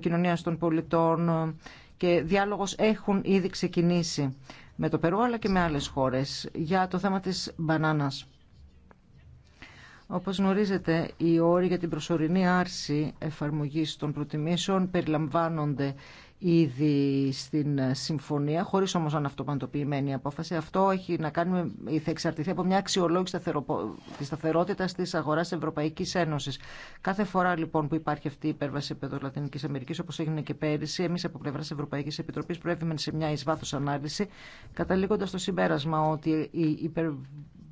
κοινωνίας των πολιτών ε, και διάλογος έχουν ήδη ξεκινήσει με το Περού αλλά και με άλλες χώρες για το θέμα της μπανάνας. Όπως γνωρίζετε, οι όροι για την προσωρινή άρση εφαρμογής των προτιμήσεων περιλαμβάνονται ήδη στην συμφωνία, χωρίς όμως αναυτοπαντοποιημένη απόφαση. Αυτό έχει να κάνει, θα εξαρτηθεί από μια αξιολόγηση της σταθερότητα της αγοράς Ευρωπαϊκής Ένωσης. Κάθε φορά λοιπόν που υπάρχει αυτή η υπέρβαση επίπεδο Λατίνική Αμερική, όπως έγινε και πέρυσι, εμείς από πλευράς Ευρωπαϊκή Επιτροπή προέβημε σε μια ει βάθος ανάλυση, καταλήγοντα στο συμπέρασμα ότι η υπερ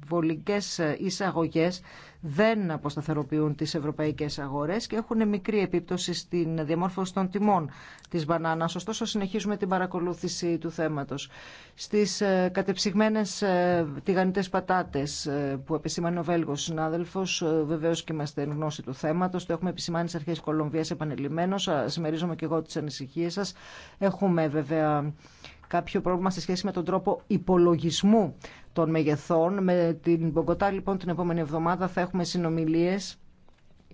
υπερβολικές εισαγωγές δεν αποσταθεροποιούν τις ευρωπαϊκές αγορές και έχουν μικρή επίπτωση στην διαμόρφωση των τιμών της μπανάνας. Ωστόσο, συνεχίζουμε την παρακολούθηση του θέματος. Στις ε, κατεψυγμένες ε, τηγανιτές πατάτες ε, που επισήμανε ο Βέλγος συνάδελφος, βεβαίως και είμαστε εν γνώση του θέματος, το έχουμε επισημάνει στις αρχές Κολομβίας επανελειμμένως, συμμερίζομαι και εγώ τις ανησυχίες σας. Έχουμε βέβαια κάποιο πρόβλημα σε σχέση με τον τρόπο υπολογισμού των μεγεθών. Με την Μπογκοτά λοιπόν την επόμενη εβδομάδα θα έχουμε συνομιλίες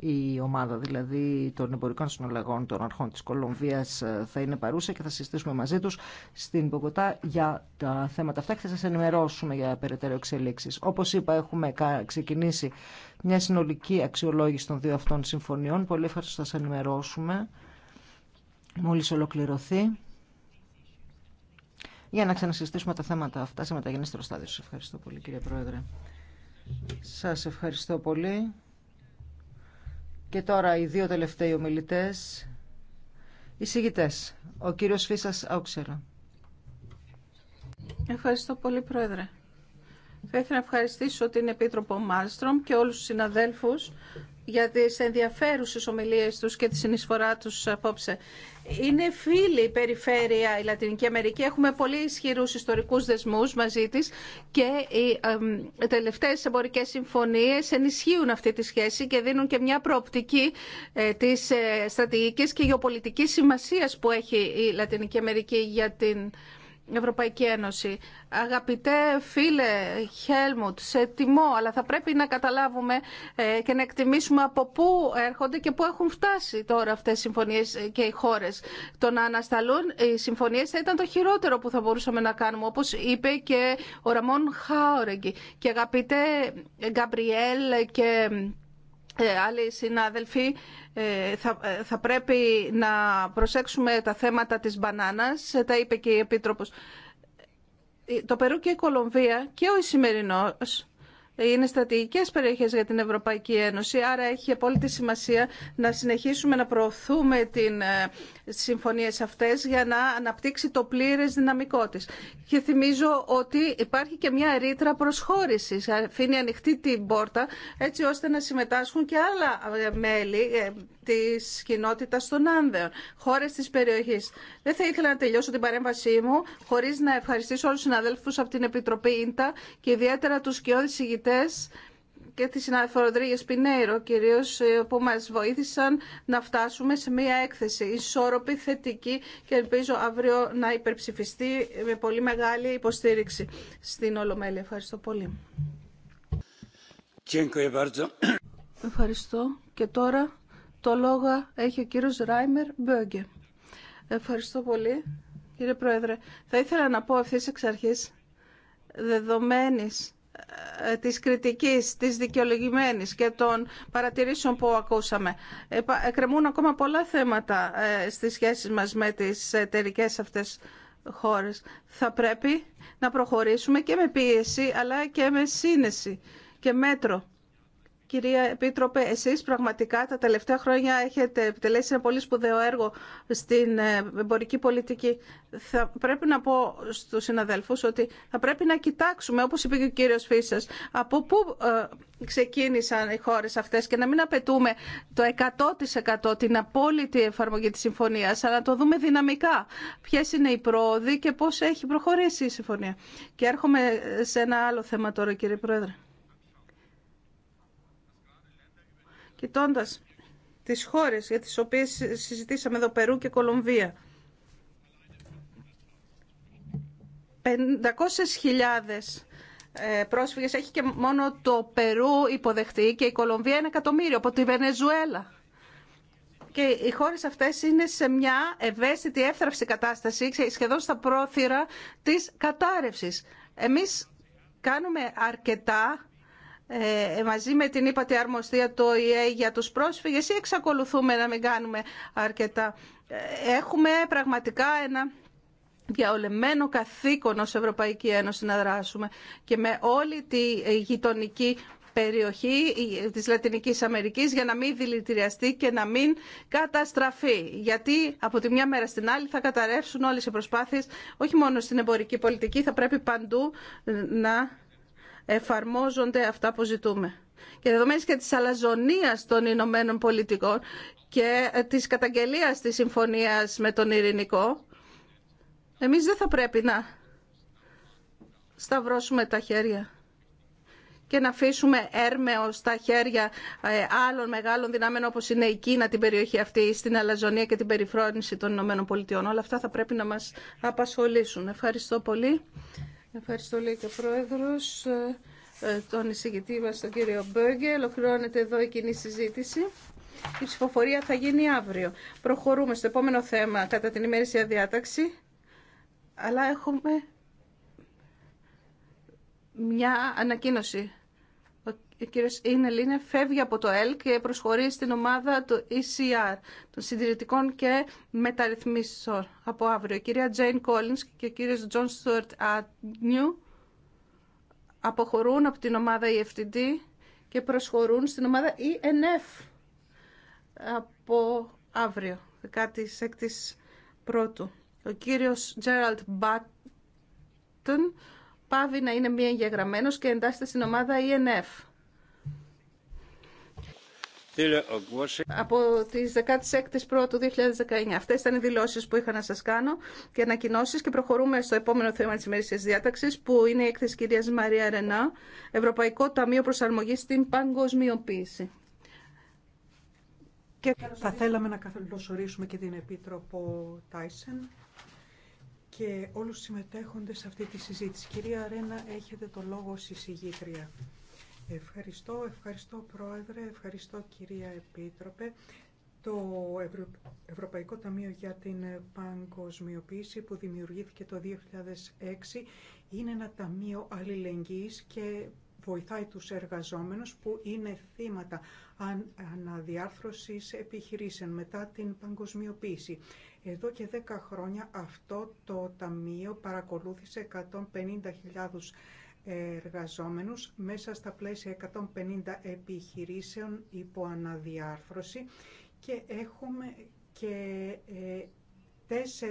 η ομάδα δηλαδή των εμπορικών συνολεγών των αρχών της Κολομβίας ε, θα είναι παρούσα και θα συζητήσουμε μαζί τους στην Πογκοτά για τα θέματα αυτά και θα σας ενημερώσουμε για περαιτέρω εξελίξεις. Όπως είπα έχουμε ξεκινήσει μια συνολική αξιολόγηση των δύο αυτών συμφωνιών. Πολύ ευχαριστώ θα σας ενημερώσουμε μόλις ολοκληρωθεί για να ξανασυζητήσουμε τα θέματα αυτά σε μεταγενέστερο στάδιο. Σας ευχαριστώ πολύ κύριε Πρόεδρε. Σας ευχαριστώ πολύ. Και τώρα οι δύο τελευταίοι ομιλητές, οι συγητές, ο κύριος Φίσας Αουξέρα. Ευχαριστώ πολύ Πρόεδρε. Θα ήθελα να ευχαριστήσω την Επίτροπο Μάλστρομ και όλους τους συναδέλφους για τις ενδιαφέρουσες ομιλίες τους και τη συνεισφορά τους απόψε. Είναι φίλη η περιφέρεια η Λατινική Αμερική. Έχουμε πολύ ισχυρού ιστορικούς δεσμούς μαζί της και οι ε, τελευταίες εμπορικές συμφωνίες ενισχύουν αυτή τη σχέση και δίνουν και μια προοπτική ε, της ε, στρατηγικής και γεωπολιτικής σημασίας που έχει η Λατινική Αμερική για την Ευρωπαϊκή Ένωση. Αγαπητέ φίλε Χέλμουτ, σε τιμώ, αλλά θα πρέπει να καταλάβουμε ε, και να εκτιμήσουμε από πού έρχονται και πού έχουν φτάσει τώρα αυτές οι συμφωνίες ε, και οι χώρες. Το να ανασταλούν οι συμφωνίες θα ήταν το χειρότερο που θα μπορούσαμε να κάνουμε, όπως είπε και ο Ραμόν Χάορεγγι. Και αγαπητέ Γκαμπριέλ και ε, άλλοι συνάδελφοι, ε, ε, θα πρέπει να προσέξουμε τα θέματα της μπανάνας, ε, τα είπε και η Επίτροπος. Το Περού και η Κολομβία και ο Ισημερινός είναι στρατηγικέ περιοχέ για την Ευρωπαϊκή Ένωση, άρα έχει απόλυτη σημασία να συνεχίσουμε να προωθούμε τι ε, συμφωνίε αυτέ για να αναπτύξει το πλήρε δυναμικό τη. Και θυμίζω ότι υπάρχει και μια ρήτρα προσχώρηση. αφήνει ανοιχτή την πόρτα έτσι ώστε να συμμετάσχουν και άλλα ε, μέλη ε, της κοινότητας των Άνδεων, χώρες της περιοχής. Δεν θα ήθελα να τελειώσω την παρέμβασή μου χωρίς να ευχαριστήσω όλους τους συναδέλφους από την Επιτροπή Ίντα και ιδιαίτερα τους κοιόδη ηγητές και τη συνάδελφο Ροντρίγε Πινέιρο κυρίως ε, που μα βοήθησαν να φτάσουμε σε μια έκθεση ισόρροπη, θετική και ελπίζω αύριο να υπερψηφιστεί με πολύ μεγάλη υποστήριξη στην Ολομέλη. Ευχαριστώ πολύ. Ευχαριστώ. Και τώρα το λόγο έχει ο κύριος Ράιμερ Μπέγκε. Ευχαριστώ πολύ, κύριε Πρόεδρε. Θα ήθελα να πω ευθύς εξ αρχής, δεδομένης ε, της κριτικής, της δικαιολογημένης και των παρατηρήσεων που ακούσαμε. Εκκρεμούν ακόμα πολλά θέματα ε, στις σχέσεις μας με τις εταιρικέ αυτές χώρες. Θα πρέπει να προχωρήσουμε και με πίεση αλλά και με σύνεση και μέτρο Κυρία Επίτροπε, εσεί πραγματικά τα τελευταία χρόνια έχετε επιτελέσει ένα πολύ σπουδαίο έργο στην ε, εμπορική πολιτική. Θα πρέπει να πω στου συναδέλφου ότι θα πρέπει να κοιτάξουμε, όπω είπε και ο κύριο Φίσα, από πού ε, ξεκίνησαν οι χώρε αυτέ, και να μην απαιτούμε το 100% την απόλυτη εφαρμογή τη συμφωνία, αλλά να το δούμε δυναμικά. Ποιε είναι οι πρόοδοι και πώ έχει προχωρήσει η συμφωνία. Και έρχομαι σε ένα άλλο θέμα τώρα, κύριε Πρόεδρε. Κοιτώντα τι χώρες για τις οποίε συζητήσαμε εδώ Περού και Κολομβία. 500.000 ε, πρόσφυγες έχει και μόνο το Περού υποδεχτεί και η Κολομβία ένα εκατομμύριο από τη Βενεζουέλα. Και οι χώρες αυτές είναι σε μια ευαίσθητη εύθραυση κατάσταση, σχεδόν στα πρόθυρα της κατάρρευσης. Εμείς κάνουμε αρκετά ε, ε, μαζί με την είπατε αρμοστία το ΟΗΕ για τους πρόσφυγες ή εξακολουθούμε να μην κάνουμε αρκετά. Ε, έχουμε πραγματικά ένα διαολεμένο καθήκον ως Ευρωπαϊκή Ένωση να δράσουμε και με όλη τη γειτονική περιοχή της Λατινικής Αμερικής για να μην δηλητηριαστεί και να μην καταστραφεί. Γιατί από τη μια μέρα στην άλλη θα καταρρεύσουν όλες οι προσπάθειες, όχι μόνο στην εμπορική πολιτική, θα πρέπει παντού να εφαρμόζονται αυτά που ζητούμε. Και δεδομένης και της αλαζονίας των Ηνωμένων Πολιτικών και της καταγγελίας της συμφωνίας με τον Ειρηνικό, εμείς δεν θα πρέπει να σταυρώσουμε τα χέρια και να αφήσουμε έρμεο στα χέρια ε, άλλων μεγάλων δυνάμεων όπως είναι η Κίνα την περιοχή αυτή, στην αλαζονία και την περιφρόνηση των Ηνωμένων Πολιτειών. Όλα αυτά θα πρέπει να μας απασχολήσουν. Ευχαριστώ πολύ. Ευχαριστώ, λέει και ο Πρόεδρος, ε, ε, τον εισηγητή μας, τον κύριο Μπέργκε. Ολοκληρώνεται εδώ η κοινή συζήτηση. Η ψηφοφορία θα γίνει αύριο. Προχωρούμε στο επόμενο θέμα κατά την ημέρησια διάταξη, αλλά έχουμε μια ανακοίνωση ο κύριος Ινελίνε φεύγει από το ΕΛ και προσχωρεί στην ομάδα του ECR, των συντηρητικών και μεταρρυθμίσεων από αύριο. Η κυρία Τζέιν Κόλλινς και ο κύριος Τζον Στουαρτ Άντνιου αποχωρούν από την ομάδα EFTD και προσχωρούν στην ομάδα ENF από αύριο, 16ης πρώτου. Ο κύριος Τζέραλτ Μπάττον πάβει να είναι μη εγγεγραμμένος και εντάσσεται στην ομάδα ENF από τι 16 Πρώτου 2019. Αυτέ ήταν οι δηλώσει που είχα να σα κάνω και ανακοινώσει και προχωρούμε στο επόμενο θέμα τη ημερήσια διάταξη, που είναι η έκθεση κυρία Μαρία Ρενά, Ευρωπαϊκό Ταμείο Προσαρμογής στην Παγκοσμιοποίηση. Θα θέλαμε να καλωσορίσουμε και την Επίτροπο Τάισεν και όλους συμμετέχοντες σε αυτή τη συζήτηση. Κυρία Ρένα, έχετε το λόγο ως εισηγήτρια. Ευχαριστώ, ευχαριστώ Πρόεδρε, ευχαριστώ κυρία Επίτροπε. Το Ευρωπαϊκό Ταμείο για την Παγκοσμιοποίηση που δημιουργήθηκε το 2006 είναι ένα ταμείο αλληλεγγύης και βοηθάει τους εργαζόμενους που είναι θύματα αναδιάρθρωσης επιχειρήσεων μετά την παγκοσμιοποίηση. Εδώ και 10 χρόνια αυτό το ταμείο παρακολούθησε 150.000 εργαζόμενους μέσα στα πλαίσια 150 επιχειρήσεων υπό αναδιάρθρωση και έχουμε και 4.000 ε,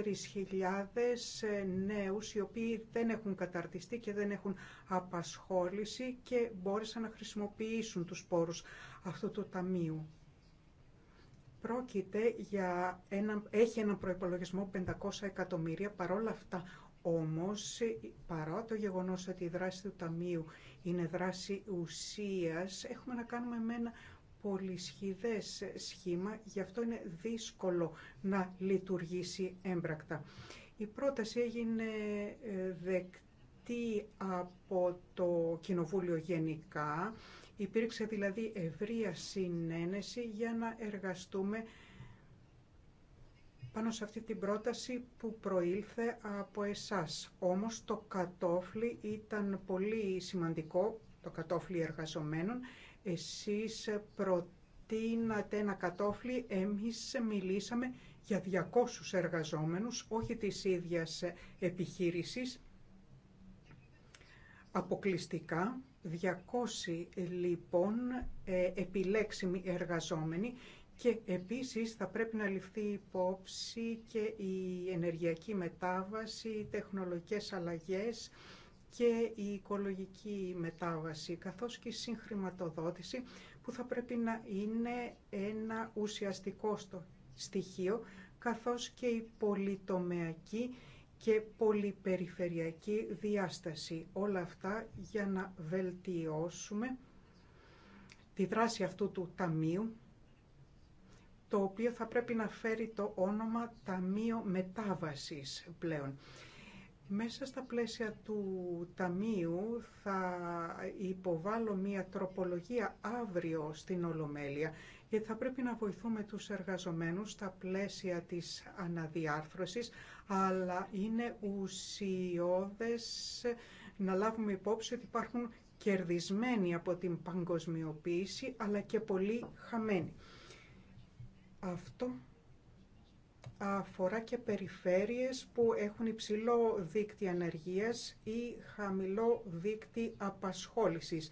ε, νέους οι οποίοι δεν έχουν καταρτιστεί και δεν έχουν απασχόληση και μπόρεσαν να χρησιμοποιήσουν τους πόρους αυτού του ταμείου. Πρόκειται για ένα, έχει έναν προϋπολογισμό 500 εκατομμύρια, παρόλα αυτά όμως, παρά το γεγονός ότι η δράση του Ταμείου είναι δράση ουσίας, έχουμε να κάνουμε με ένα πολυσχηδές σχήμα, γι' αυτό είναι δύσκολο να λειτουργήσει έμπρακτα. Η πρόταση έγινε ε, δεκτή από το Κοινοβούλιο γενικά, υπήρξε δηλαδή ευρεία συνένεση για να εργαστούμε πάνω σε αυτή την πρόταση που προήλθε από εσάς. Όμως το κατόφλι ήταν πολύ σημαντικό, το κατόφλι εργαζομένων. Εσείς προτείνατε ένα κατόφλι, εμείς μιλήσαμε για 200 εργαζόμενους, όχι της ίδιας επιχείρησης. Αποκλειστικά, 200 λοιπόν ε, επιλέξιμοι εργαζόμενοι και επίσης θα πρέπει να ληφθεί υπόψη και η ενεργειακή μετάβαση, οι τεχνολογικές αλλαγές και η οικολογική μετάβαση, καθώς και η συγχρηματοδότηση που θα πρέπει να είναι ένα ουσιαστικό στο στοιχείο, καθώς και η πολυτομεακή και πολυπεριφερειακή διάσταση. Όλα αυτά για να βελτιώσουμε τη δράση αυτού του Ταμείου το οποίο θα πρέπει να φέρει το όνομα Ταμείο Μετάβασης πλέον. Μέσα στα πλαίσια του Ταμείου θα υποβάλω μία τροπολογία αύριο στην Ολομέλεια γιατί θα πρέπει να βοηθούμε τους εργαζομένους στα πλαίσια της αναδιάρθρωσης αλλά είναι ουσιώδες να λάβουμε υπόψη ότι υπάρχουν κερδισμένοι από την παγκοσμιοποίηση αλλά και πολύ χαμένοι. Αυτό αφορά και περιφέρειες που έχουν υψηλό δίκτυ ανεργίας ή χαμηλό δίκτυ απασχόλησης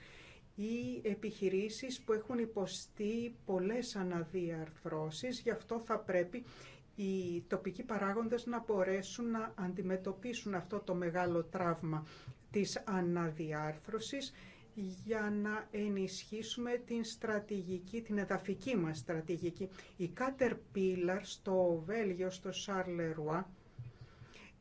ή επιχειρήσεις που έχουν υποστεί πολλές αναδιαρθρώσεις, γι' αυτό θα πρέπει οι τοπικοί παράγοντες να μπορέσουν να αντιμετωπίσουν αυτό το μεγάλο τραύμα της αναδιάρθρωσης για να ενισχύσουμε την στρατηγική, την εδαφική μας στρατηγική. Η Caterpillar στο Βέλγιο, στο Σαρλερουά,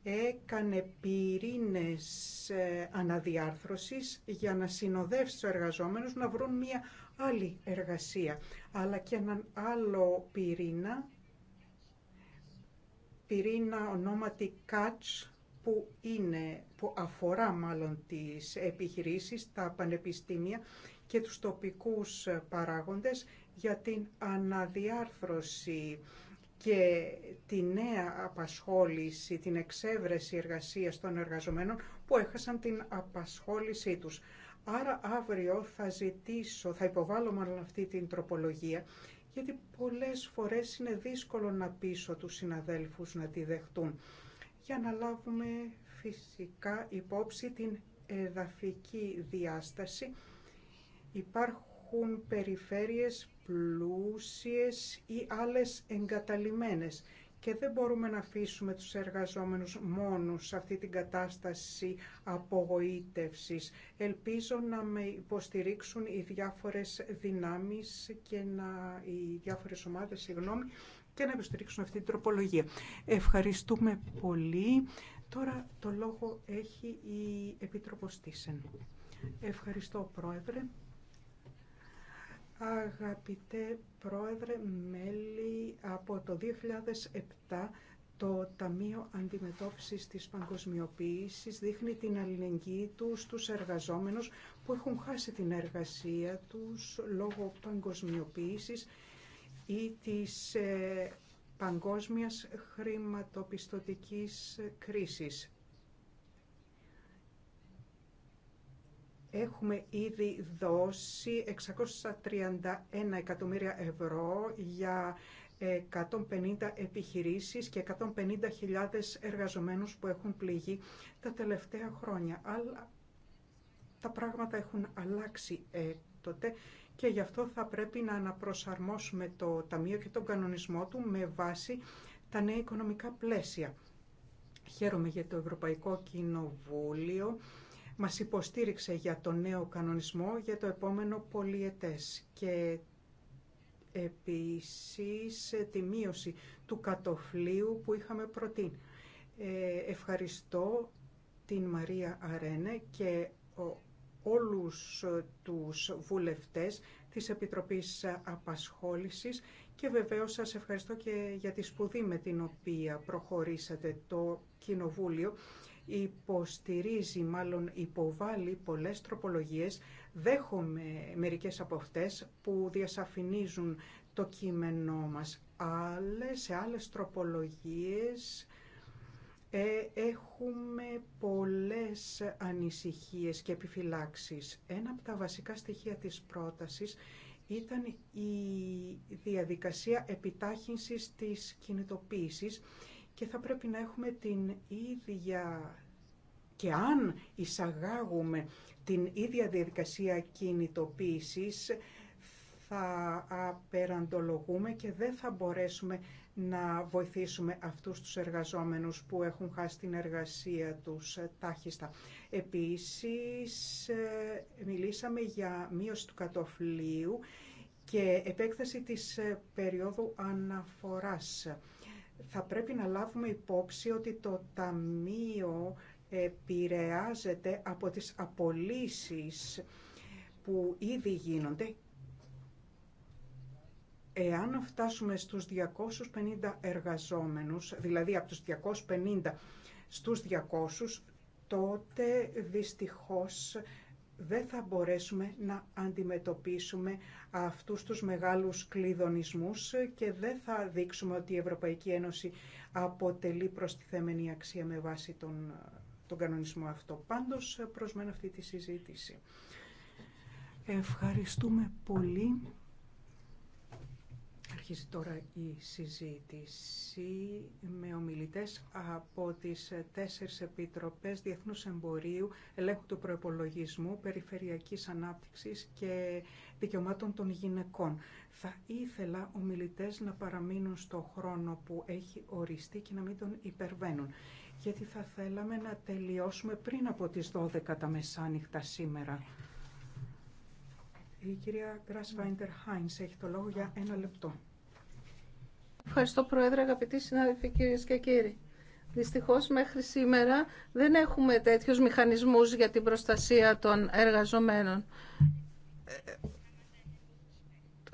έκανε πυρήνες ε, αναδιάρθρωσης για να συνοδεύσει τους εργαζόμενους να βρουν μια άλλη εργασία, αλλά και έναν άλλο πυρήνα, πυρήνα ονόματι Catch, που, είναι, που αφορά μάλλον τις επιχειρήσεις, τα πανεπιστήμια και τους τοπικούς παράγοντες για την αναδιάρθρωση και τη νέα απασχόληση, την εξέβρεση εργασίας των εργαζομένων που έχασαν την απασχόλησή τους. Άρα αύριο θα ζητήσω, θα υποβάλω μάλλον αυτή την τροπολογία, γιατί πολλές φορές είναι δύσκολο να πείσω τους συναδέλφους να τη δεχτούν για να λάβουμε φυσικά υπόψη την εδαφική διάσταση. Υπάρχουν περιφέρειες πλούσιες ή άλλες εγκαταλειμμένες και δεν μπορούμε να αφήσουμε τους εργαζόμενους μόνους σε αυτή την κατάσταση απογοήτευσης. Ελπίζω να με υποστηρίξουν οι διάφορες δυνάμεις και να, οι διάφορες ομάδες, συγγνώμη, και να υποστηρίξουν αυτή την τροπολογία. Ευχαριστούμε πολύ. Τώρα το λόγο έχει η Επίτροπος Τίσεν. Ευχαριστώ Πρόεδρε. Αγαπητέ Πρόεδρε, μέλη από το 2007 το Ταμείο Αντιμετώπισης της Παγκοσμιοποίησης δείχνει την αλληλεγγύη του στους εργαζόμενους που έχουν χάσει την εργασία τους λόγω παγκοσμιοποίησης ή της ε, παγκόσμιας χρηματοπιστωτικής κρίσης. Έχουμε ήδη δώσει 631 εκατομμύρια ευρώ για 150 ε, επιχειρήσεις και 150.000 εργαζομένους που έχουν πληγεί τα τελευταία χρόνια. Αλλά τα πράγματα έχουν αλλάξει ε, τότε και γι' αυτό θα πρέπει να αναπροσαρμόσουμε το Ταμείο και τον κανονισμό του με βάση τα νέα οικονομικά πλαίσια. Χαίρομαι για το Ευρωπαϊκό Κοινοβούλιο. Μας υποστήριξε για το νέο κανονισμό για το επόμενο πολιετές και επίσης τη μείωση του κατοφλίου που είχαμε προτείνει. Ε, ευχαριστώ την Μαρία Αρένε και όλους ε, τους βουλευτές της Επιτροπής Απασχόλησης και βεβαίως σας ευχαριστώ και για τη σπουδή με την οποία προχωρήσατε το Κοινοβούλιο υποστηρίζει, μάλλον υποβάλλει πολλές τροπολογίες, δέχομαι μερικές από αυτές που διασαφηνίζουν το κείμενό μας. Άλλες, σε άλλες τροπολογίες ε, έχουμε πολλές ανησυχίες και επιφυλάξεις. Ένα από τα βασικά στοιχεία της πρότασης ήταν η διαδικασία επιτάχυνσης της κινητοποίησης και θα πρέπει να έχουμε την ίδια και αν εισαγάγουμε την ίδια διαδικασία κινητοποίησης θα απεραντολογούμε και δεν θα μπορέσουμε να βοηθήσουμε αυτούς τους εργαζόμενους που έχουν χάσει την εργασία τους ε, τάχιστα. Επίσης, ε, μιλήσαμε για μείωση του κατοφλίου και επέκταση της ε, περίοδου αναφοράς. Θα πρέπει να λάβουμε υπόψη ότι το Ταμείο επηρεάζεται από τις απολύσεις που ήδη γίνονται Εάν φτάσουμε στους 250 εργαζόμενους, δηλαδή από τους 250 στους 200, τότε δυστυχώς δεν θα μπορέσουμε να αντιμετωπίσουμε αυτούς τους μεγάλους κλειδονισμούς και δεν θα δείξουμε ότι η Ευρωπαϊκή Ένωση αποτελεί προστιθέμενη αξία με βάση τον, τον κανονισμό αυτό. Πάντως προσμένω αυτή τη συζήτηση. Ευχαριστούμε πολύ. Υπάρχει τώρα η συζήτηση με ομιλητές από τις τέσσερις επιτροπές Διεθνούς Εμπορίου, Ελέγχου του Προεπολογισμού, Περιφερειακής Ανάπτυξης και Δικαιωμάτων των Γυναικών. Θα ήθελα ομιλητές να παραμείνουν στο χρόνο που έχει οριστεί και να μην τον υπερβαίνουν, γιατί θα θέλαμε να τελειώσουμε πριν από τις 12 τα μεσάνυχτα σήμερα. Η κυρία Γκράσβάιντερ Χάινς έχει το λόγο για ένα λεπτό. Ευχαριστώ Πρόεδρε, αγαπητοί συνάδελφοι κυρίες και κύριοι. Δυστυχώς μέχρι σήμερα δεν έχουμε τέτοιους μηχανισμούς για την προστασία των εργαζομένων. Ε, ε,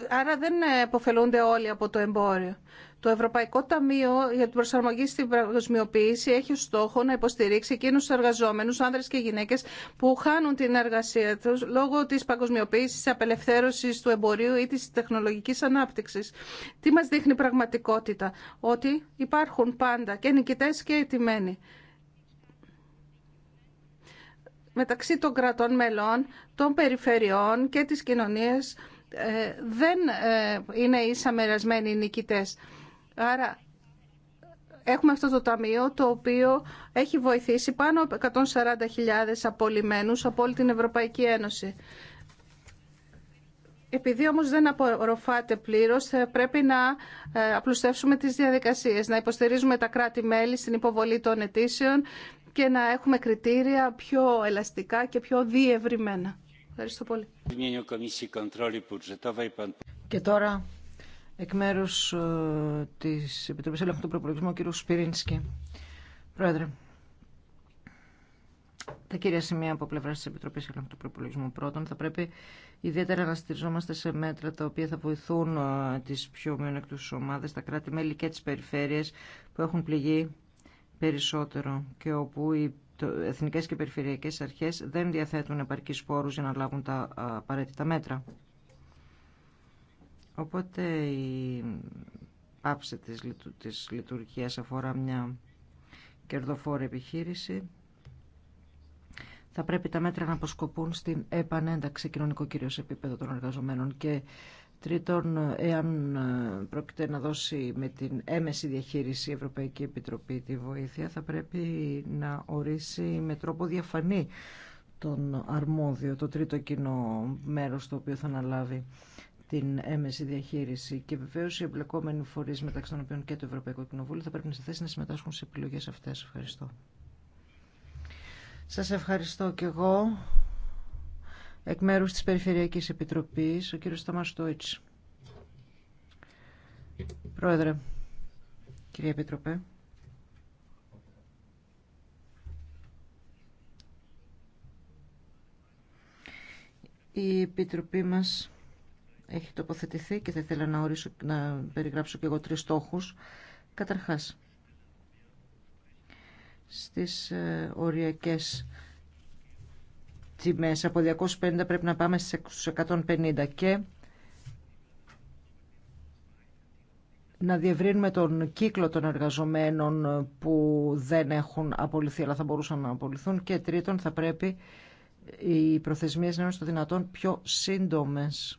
άρα δεν αποφελούνται όλοι από το εμπόριο. Το Ευρωπαϊκό Ταμείο για την Προσαρμογή στην Παγκοσμιοποίηση έχει στόχο να υποστηρίξει εκείνου του εργαζόμενου, άνδρε και γυναίκε, που χάνουν την εργασία του λόγω τη παγκοσμιοποίηση, τη απελευθέρωση του εμπορίου ή τη τεχνολογική ανάπτυξη. Τι μα δείχνει η πραγματικότητα, ότι υπάρχουν πάντα και νικητέ και ετοιμένοι μεταξύ των κρατών μελών, των περιφερειών και της κοινωνίας ε, δεν ε, είναι ίσα μερασμένοι οι νικητές. Άρα έχουμε αυτό το ταμείο το οποίο έχει βοηθήσει πάνω από 140.000 απολυμένους από όλη την Ευρωπαϊκή Ένωση. Επειδή όμως δεν απορροφάται πλήρως, πρέπει να ε, απλουστεύσουμε τις διαδικασίες, να υποστηρίζουμε τα κράτη-μέλη στην υποβολή των αιτήσεων και να έχουμε κριτήρια πιο ελαστικά και πιο διευρυμένα. Ευχαριστώ πολύ. Και τώρα Εκ μέρου ε, τη Επιτροπή Ελέγχου του Προπολογισμού, ο κ. Σπυρίνσκι. Πρόεδρε, τα κύρια σημεία από πλευρά τη Επιτροπή Ελέγχου του Προπολογισμού. Πρώτον, θα πρέπει ιδιαίτερα να στηριζόμαστε σε μέτρα τα οποία θα βοηθούν ε, τι πιο μειονεκτού ομάδε, τα κράτη-μέλη και τι περιφέρειε που έχουν πληγεί περισσότερο και όπου οι εθνικέ και περιφερειακές αρχέ δεν διαθέτουν επαρκεί πόρου για να λάβουν τα απαραίτητα μέτρα. Οπότε η πάψη της, της λειτουργίας αφορά μια κερδοφόρη επιχείρηση. Θα πρέπει τα μέτρα να αποσκοπούν στην επανένταξη κοινωνικό κυρίως επίπεδο των εργαζομένων και Τρίτον, εάν ε, πρόκειται να δώσει με την έμεση διαχείριση η Ευρωπαϊκή Επιτροπή τη βοήθεια, θα πρέπει να ορίσει με τρόπο διαφανή τον αρμόδιο, το τρίτο κοινό μέρος το οποίο θα αναλάβει την έμεση διαχείριση. Και βεβαίω οι εμπλεκόμενοι φορεί, μεταξύ των οποίων και το Ευρωπαϊκό Κοινοβούλιο, θα πρέπει να σε θέση να συμμετάσχουν σε επιλογέ αυτέ. Ευχαριστώ. Σα ευχαριστώ και εγώ. Εκ μέρου τη Περιφερειακή Επιτροπή, ο κύριο Σταμά Στόιτς. Πρόεδρε, κύριε Επιτροπέ. Η Επιτροπή μας έχει τοποθετηθεί και θα ήθελα να, ορίσω, να περιγράψω και εγώ τρεις στόχους. Καταρχάς, στις ε, οριακές τιμές από 250 πρέπει να πάμε στους 150 και να διευρύνουμε τον κύκλο των εργαζομένων που δεν έχουν απολυθεί αλλά θα μπορούσαν να απολυθούν και τρίτον θα πρέπει οι προθεσμίες να είναι στο δυνατόν πιο σύντομες.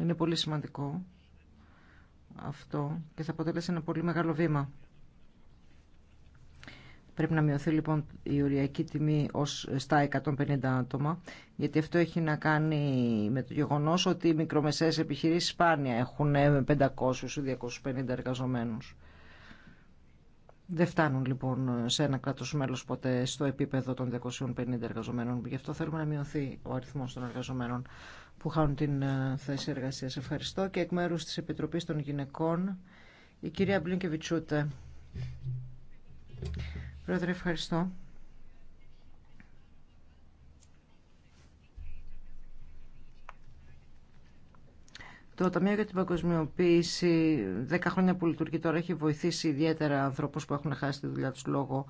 Είναι πολύ σημαντικό αυτό και θα αποτέλεσε ένα πολύ μεγάλο βήμα. Πρέπει να μειωθεί λοιπόν η οριακή τιμή ως στα 150 άτομα, γιατί αυτό έχει να κάνει με το γεγονός ότι οι μικρομεσαίες επιχειρήσεις σπάνια έχουν 500 ή 250 εργαζομένους. Δεν φτάνουν λοιπόν σε ένα κράτο μέλο ποτέ στο επίπεδο των 250 εργαζομένων. Γι' αυτό θέλουμε να μειωθεί ο αριθμό των εργαζομένων που χάνουν την ε, θέση εργασία. Ευχαριστώ και εκ μέρου τη Επιτροπή των Γυναικών η κυρία Μπλίνκεβιτσούτε. Πρόεδρε, ευχαριστώ. Το Ταμείο για την Παγκοσμιοποίηση, 10 χρόνια που λειτουργεί τώρα, έχει βοηθήσει ιδιαίτερα ανθρώπους που έχουν χάσει τη δουλειά του λόγω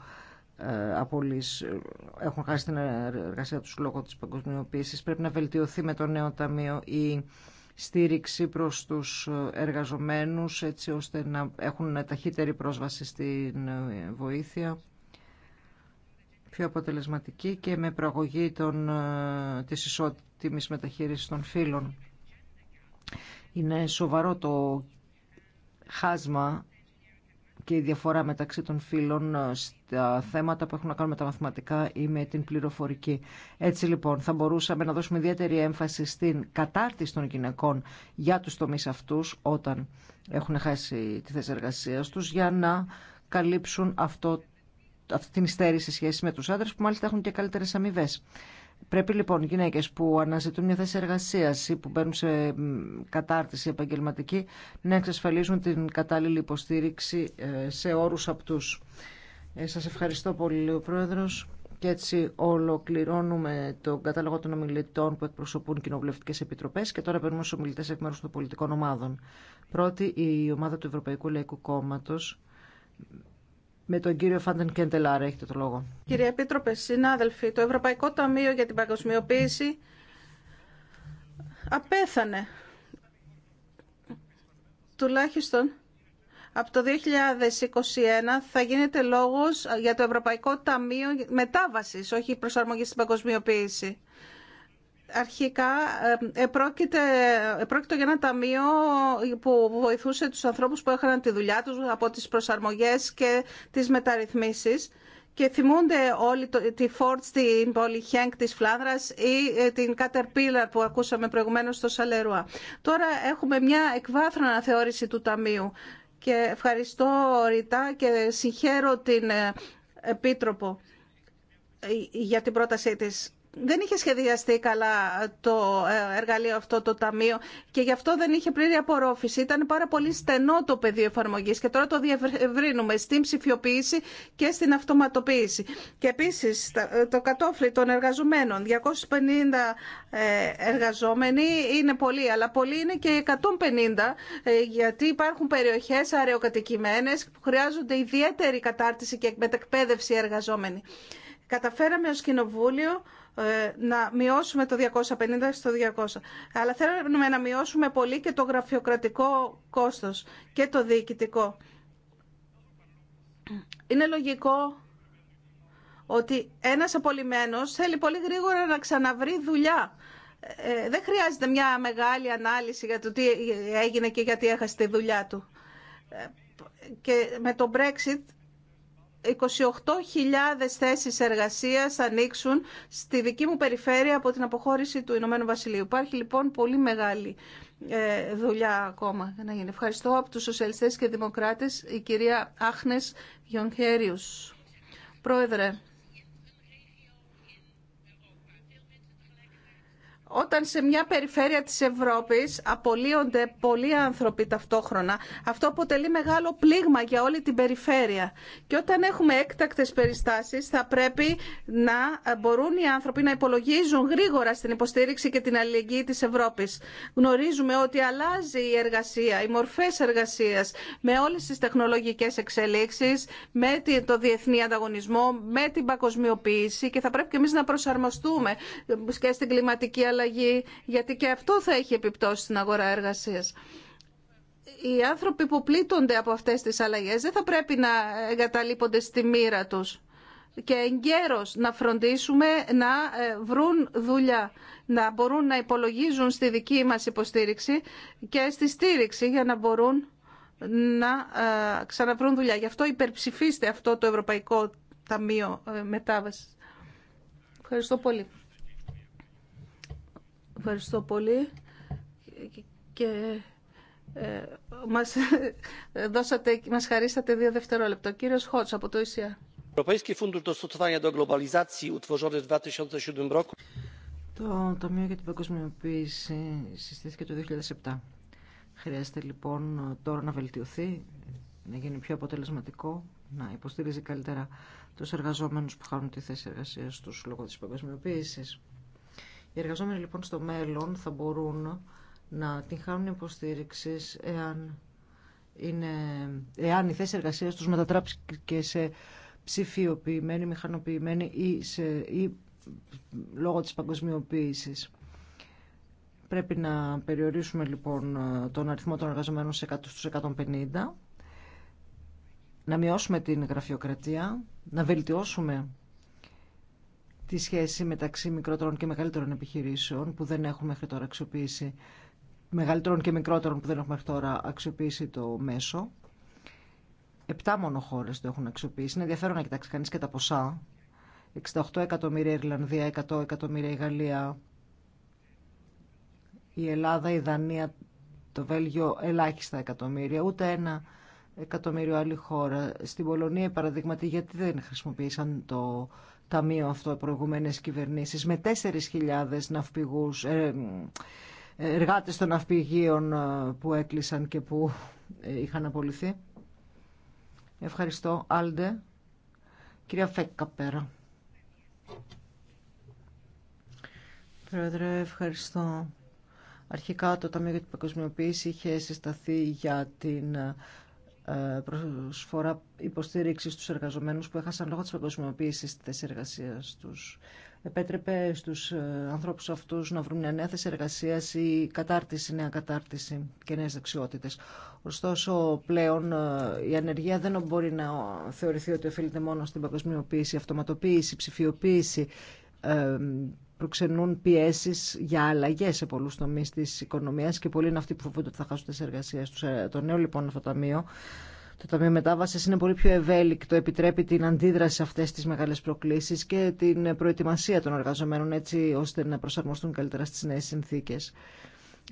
ε, απολύς, ε, έχουν χάσει την εργασία του λόγω της παγκοσμιοποίησης. Πρέπει να βελτιωθεί με το νέο ταμείο η στήριξη προς τους εργαζομένους έτσι ώστε να έχουν ταχύτερη πρόσβαση στην ε, βοήθεια πιο αποτελεσματική και με προαγωγή των, της ισότιμης μεταχείρισης των φύλων. Είναι σοβαρό το χάσμα και η διαφορά μεταξύ των φύλων ε, στα θέματα που έχουν να κάνουν με τα μαθηματικά ή με την πληροφορική. Έτσι λοιπόν θα μπορούσαμε να δώσουμε ιδιαίτερη έμφαση στην κατάρτιση των γυναικών για τους τομείς αυτούς όταν έχουν χάσει τη θέση εργασία τους για να καλύψουν αυτό, αυτή την υστέρηση σχέση με τους άντρες που μάλιστα έχουν και καλύτερες αμοιβέ. Πρέπει λοιπόν οι γυναίκες που αναζητούν μια θέση εργασίας ή που μπαίνουν σε κατάρτιση επαγγελματική να εξασφαλίζουν την κατάλληλη υποστήριξη ε, σε όρους απτούς. Ε, σας ευχαριστώ πολύ ο Πρόεδρος. εργασία η που μπαινουν σε καταρτιση επαγγελματικη να εξασφαλιζουν την καταλληλη υποστηριξη σε ορους τους. Σα ευχαριστω πολυ ο προεδρος και ετσι ολοκληρωνουμε τον καταλογο των ομιλητων που εκπροσωπουν κοινοβουλευτικε επιτροπε και τωρα περνουμε στου ομιλητε εκ μερου των πολιτικων ομαδων πρωτη η ομαδα του Ευρωπαϊκού Λαϊκού Κόμματο με τον κύριο Φάντεν Κεντελάρα. Έχετε το λόγο. Κύριε Επίτροπε, συνάδελφοι, το Ευρωπαϊκό Ταμείο για την Παγκοσμιοποίηση απέθανε τουλάχιστον από το 2021 θα γίνεται λόγος για το Ευρωπαϊκό Ταμείο Μετάβασης, όχι προσαρμογής στην παγκοσμιοποίηση αρχικά ε, ε, ε, πρόκειται, για ένα ταμείο που βοηθούσε τους ανθρώπους που έχαναν τη δουλειά τους από τις προσαρμογές και τις μεταρρυθμίσεις. Και θυμούνται όλοι τη Φόρτ στην πόλη της Φλάνδρας ή την Caterpillar που ακούσαμε προηγουμένως στο Σαλερουά. Τώρα έχουμε μια εκβάθρονα αναθεώρηση του Ταμείου. Και ευχαριστώ Ρητά και συγχαίρω την Επίτροπο για την πρότασή της δεν είχε σχεδιαστεί καλά το ε, εργαλείο αυτό το ταμείο και γι' αυτό δεν είχε πλήρη απορρόφηση. Ήταν πάρα πολύ στενό το πεδίο εφαρμογή και τώρα το διευρύνουμε στην ψηφιοποίηση και στην αυτοματοποίηση. Και επίση ε, το κατόφλι των εργαζομένων. 250 ε, εργαζόμενοι είναι πολλοί, αλλά πολλοί είναι και 150 γιατί υπάρχουν περιοχέ αραιοκατοικημένε που χρειάζονται ιδιαίτερη κατάρτιση και μετεκπαίδευση εργαζόμενοι. Καταφέραμε ως Κοινοβούλιο ε, να μειώσουμε το 250 στο 200. Αλλά θέλουμε να μειώσουμε πολύ και το γραφειοκρατικό κόστος και το διοικητικό. Είναι λογικό ότι ένας απολυμένος θέλει πολύ γρήγορα να ξαναβρει δουλειά. Ε, δεν χρειάζεται μια μεγάλη ανάλυση για το τι έγινε και γιατί έχασε τη δουλειά του. Ε, και με το Brexit 28.000 θέσεις εργασίας θα ανοίξουν στη δική μου περιφέρεια από την αποχώρηση του Ηνωμένου Βασιλείου. Υπάρχει λοιπόν πολύ μεγάλη ε, δουλειά ακόμα να γίνει. Ευχαριστώ από τους σοσιαλιστές και δημοκράτες η κυρία Άχνες Γιονχέριους. Πρόεδρε, όταν σε μια περιφέρεια της Ευρώπης απολύονται πολλοί άνθρωποι ταυτόχρονα, αυτό αποτελεί μεγάλο πλήγμα για όλη την περιφέρεια. Και όταν έχουμε έκτακτες περιστάσεις θα πρέπει να μπορούν οι άνθρωποι να υπολογίζουν γρήγορα στην υποστήριξη και την αλληλεγγύη της Ευρώπης. Γνωρίζουμε ότι αλλάζει η εργασία, οι μορφές εργασίας με όλες τις τεχνολογικές εξελίξεις, με το διεθνή ανταγωνισμό, με την παγκοσμιοποίηση και θα πρέπει και εμείς να προσαρμοστούμε και στην κλιματική αλλαγή γιατί και αυτό θα έχει επιπτώσει στην αγορά εργασίας. Οι άνθρωποι που πλήττονται από αυτές τις αλλαγές δεν θα πρέπει να εγκαταλείπονται στη μοίρα τους και εγκαίρως να φροντίσουμε να ε, βρουν δουλειά, να μπορούν να υπολογίζουν στη δική μας υποστήριξη και στη στήριξη για να μπορούν να ε, ξαναβρούν δουλειά. Γι' αυτό υπερψηφίστε αυτό το Ευρωπαϊκό Ταμείο ε, Μετάβασης. Ευχαριστώ πολύ. Ευχαριστώ πολύ και ε, μας, δώσατε, μας χαρίσατε δύο δευτερόλεπτα. κύριος Χότς από το ΙΣΙΑ. Ευρωπαϊκή Φούντου το 2007 Το Ταμείο για την Παγκοσμιοποίηση συστήθηκε το 2007. Χρειάζεται λοιπόν τώρα να βελτιωθεί, να γίνει πιο αποτελεσματικό, να υποστηρίζει καλύτερα τους εργαζόμενους που χάνουν τη θέση εργασίας τους λόγω της παγκοσμιοποίησης. Οι εργαζόμενοι λοιπόν στο μέλλον θα μπορούν να την χάνουν υποστήριξη εάν, είναι, εάν η θέση εργασίας τους μετατράψει και σε ψηφιοποιημένη, μηχανοποιημένη ή, σε, ή λόγω της παγκοσμιοποίησης. Πρέπει να περιορίσουμε λοιπόν τον αριθμό των εργαζομένων σε 100 στους 150, να μειώσουμε την γραφειοκρατία, να βελτιώσουμε τη σχέση μεταξύ μικρότερων και μεγαλύτερων επιχειρήσεων που δεν έχουν μέχρι τώρα αξιοποιήσει μεγαλύτερων και μικρότερων που δεν έχουμε μέχρι τώρα αξιοποιήσει το μέσο. Επτά μόνο χώρε το έχουν αξιοποιήσει. Είναι ενδιαφέρον να κοιτάξει κανεί και τα ποσά. 68 εκατομμύρια Ιρλανδία, 100 εκατομμύρια η Γαλλία, η Ελλάδα, η Δανία, το Βέλγιο, ελάχιστα εκατομμύρια, ούτε ένα εκατομμύριο άλλη χώρα. Στην Πολωνία, παραδείγματι, γιατί δεν χρησιμοποίησαν το ταμείο αυτό προηγουμένες κυβερνήσεις με 4.000 ναυπηγούς, ε, εργάτες των ναυπηγείων ε, που έκλεισαν και που ε, είχαν απολυθεί. Ευχαριστώ. Άλντε. Κυρία Φέκκα πέρα. Πρόεδρε, ευχαριστώ. Αρχικά το Ταμείο για την Παγκοσμιοποίηση είχε συσταθεί για την ε, προσφορά υποστήριξης στους εργαζομένους που έχασαν λόγω της παγκοσμιοποίησης τη θέση εργασίας τους. Επέτρεπε στους ε, ανθρώπους αυτούς να βρουν μια νέα θέση εργασίας ή κατάρτιση, νέα κατάρτιση και νέες δεξιότητες. Ωστόσο, πλέον ε, η ανεργία δεν μπορεί να θεωρηθεί ότι οφείλεται μόνο στην παγκοσμιοποίηση, αυτοματοποίηση, ψηφιοποίηση, προξενούν πιέσει για αλλαγέ σε πολλού τομεί τη οικονομία και πολλοί είναι αυτοί που φοβούνται ότι θα χάσουν τι εργασίε του. Ε, το νέο λοιπόν αυτό το ταμείο. Το Ταμείο Μετάβαση είναι πολύ πιο ευέλικτο, επιτρέπει την αντίδραση σε αυτέ τι μεγάλε προκλήσει και την προετοιμασία των εργαζομένων έτσι ώστε να προσαρμοστούν καλύτερα στι νέε συνθήκε.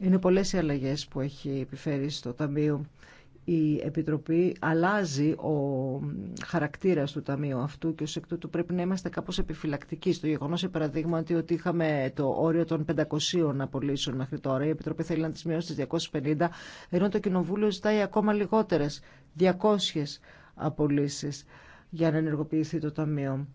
Είναι πολλέ οι αλλαγέ που έχει επιφέρει στο Ταμείο η Επιτροπή αλλάζει ο χαρακτήρας του Ταμείου αυτού και ως εκ τούτου πρέπει να είμαστε κάπως επιφυλακτικοί στο γεγονός, παραδείγμα ότι είχαμε το όριο των 500 απολύσεων μέχρι τώρα. Η Επιτροπή θέλει να τις μειώσει στις 250, ενώ το Κοινοβούλιο ζητάει ακόμα λιγότερες, 200 απολύσεις για να ενεργοποιηθεί το Ταμείο.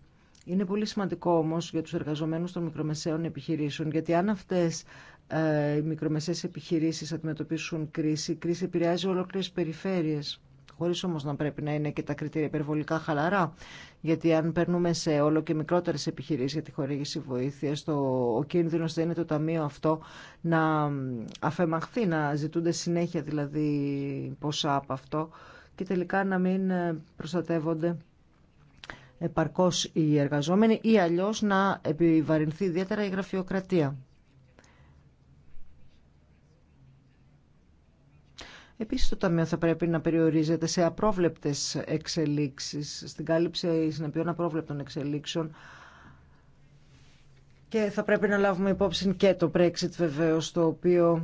Είναι πολύ σημαντικό όμως για τους εργαζομένους των μικρομεσαίων επιχειρήσεων, γιατί αν αυτές ε, οι μικρομεσαίες επιχειρήσεις αντιμετωπίσουν κρίση. Η κρίση επηρεάζει ολόκληρες περιφέρειες χωρί όμω να πρέπει να είναι και τα κριτήρια υπερβολικά χαλαρά. Γιατί αν περνούμε σε όλο και μικρότερε επιχειρήσει για τη χορήγηση βοήθεια, το... ο κίνδυνο δεν είναι το ταμείο αυτό να αφεμαχθεί, να ζητούνται συνέχεια δηλαδή ποσά από αυτό και τελικά να μην ε, προστατεύονται επαρκώς οι εργαζόμενοι ή αλλιώς να επιβαρυνθεί ιδιαίτερα η γραφειοκρατία. Επίσης το Ταμείο θα πρέπει να περιορίζεται σε απρόβλεπτες εξελίξεις, στην κάλυψη συνεπειών απρόβλεπτων εξελίξεων, και θα πρέπει να λάβουμε υπόψη και το Brexit βεβαίως, το οποίο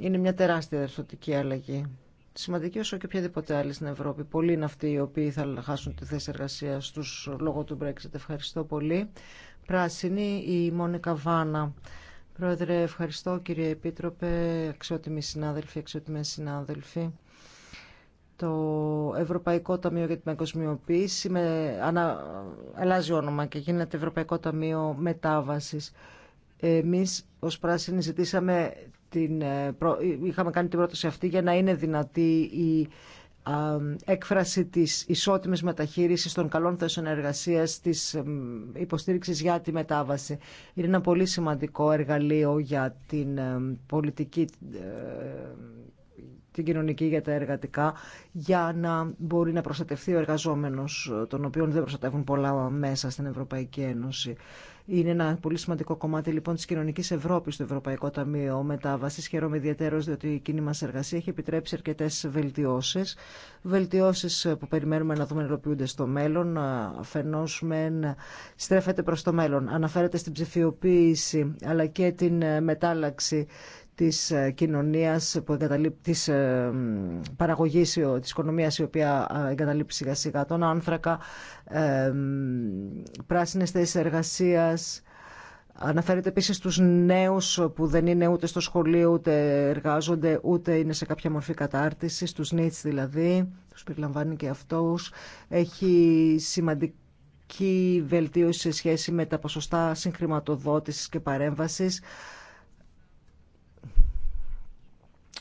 είναι μια τεράστια διευθυντική αλλαγή. Σημαντική όσο και οποιαδήποτε άλλη στην Ευρώπη. Πολλοί είναι αυτοί οι οποίοι θα χάσουν τη θέση εργασία του λόγω του Brexit. Ευχαριστώ πολύ. Πράσινη η Μόνικα Βάνα. Πρόεδρε, ευχαριστώ κύριε Επίτροπε, αξιότιμοι συνάδελφοι, αξιότιμες συνάδελφοι. Το Ευρωπαϊκό Ταμείο για την Παγκοσμιοποίηση με, ανα, αλλάζει όνομα και γίνεται Ευρωπαϊκό Ταμείο Μετάβασης. Εμείς ως Πράσινη ζητήσαμε την, ε, είχαμε κάνει την πρόταση αυτή για να είναι δυνατή η έκφραση της ισότιμης μεταχείρισης των καλών θέσεων εργασίας, της υποστήριξης για τη μετάβαση. Είναι ένα πολύ σημαντικό εργαλείο για την πολιτική ε, την κοινωνική για τα εργατικά, για να μπορεί να προστατευτεί ο εργαζόμενος, τον οποίο δεν προστατεύουν πολλά μέσα στην Ευρωπαϊκή Ένωση. Είναι ένα πολύ σημαντικό κομμάτι λοιπόν τη κοινωνική Ευρώπη στο Ευρωπαϊκό Ταμείο Μετάβαση. Χαίρομαι ιδιαίτερω διότι η κοινή μα εργασία έχει επιτρέψει αρκετέ βελτιώσει. Βελτιώσει που περιμένουμε να δούμε υλοποιούνται στο μέλλον. Αφενό μεν στρέφεται προ το μέλλον. Αναφέρεται στην ψηφιοποίηση αλλά και την μετάλλαξη της ε, κοινωνίας που εγκαταλείπει της ε, παραγωγής της οικονομίας η οποία ε, εγκαταλείπει σιγά σιγά τον άνθρακα πράσινες θέσεις εργασίας Αναφέρεται επίσης στους νέους που δεν είναι ούτε στο σχολείο, ούτε εργάζονται, ούτε είναι σε κάποια μορφή κατάρτιση, στους νίτς δηλαδή, τους περιλαμβάνει και αυτούς. Έχει σημαντική βελτίωση σε σχέση με τα ποσοστά συγχρηματοδότησης και παρέμβασης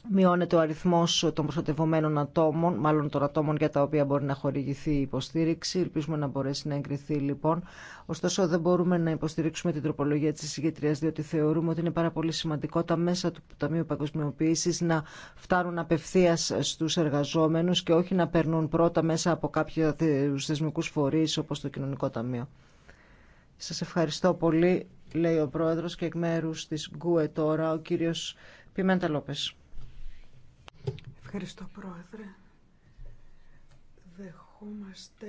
μειώνεται ο αριθμός των προστατευομένων ατόμων, μάλλον των ατόμων για τα οποία μπορεί να χορηγηθεί η υποστήριξη. Ελπίζουμε να μπορέσει να εγκριθεί λοιπόν. Ωστόσο δεν μπορούμε να υποστηρίξουμε την τροπολογία της εισηγητρίας διότι θεωρούμε ότι είναι πάρα πολύ σημαντικό τα μέσα του Ταμείου Παγκοσμιοποίησης να φτάνουν απευθεία στους εργαζόμενους και όχι να περνούν πρώτα μέσα από κάποιους θεσμικούς φορείς όπως το Κοινωνικό Ταμείο. Σας ευχαριστώ πολύ, λέει ο Πρόεδρος και εκ μέρου της ΓκουΕ τώρα ο κύριος Πιμέντα Λόπες. Ευχαριστώ, Πρόεδρε. Δεχόμαστε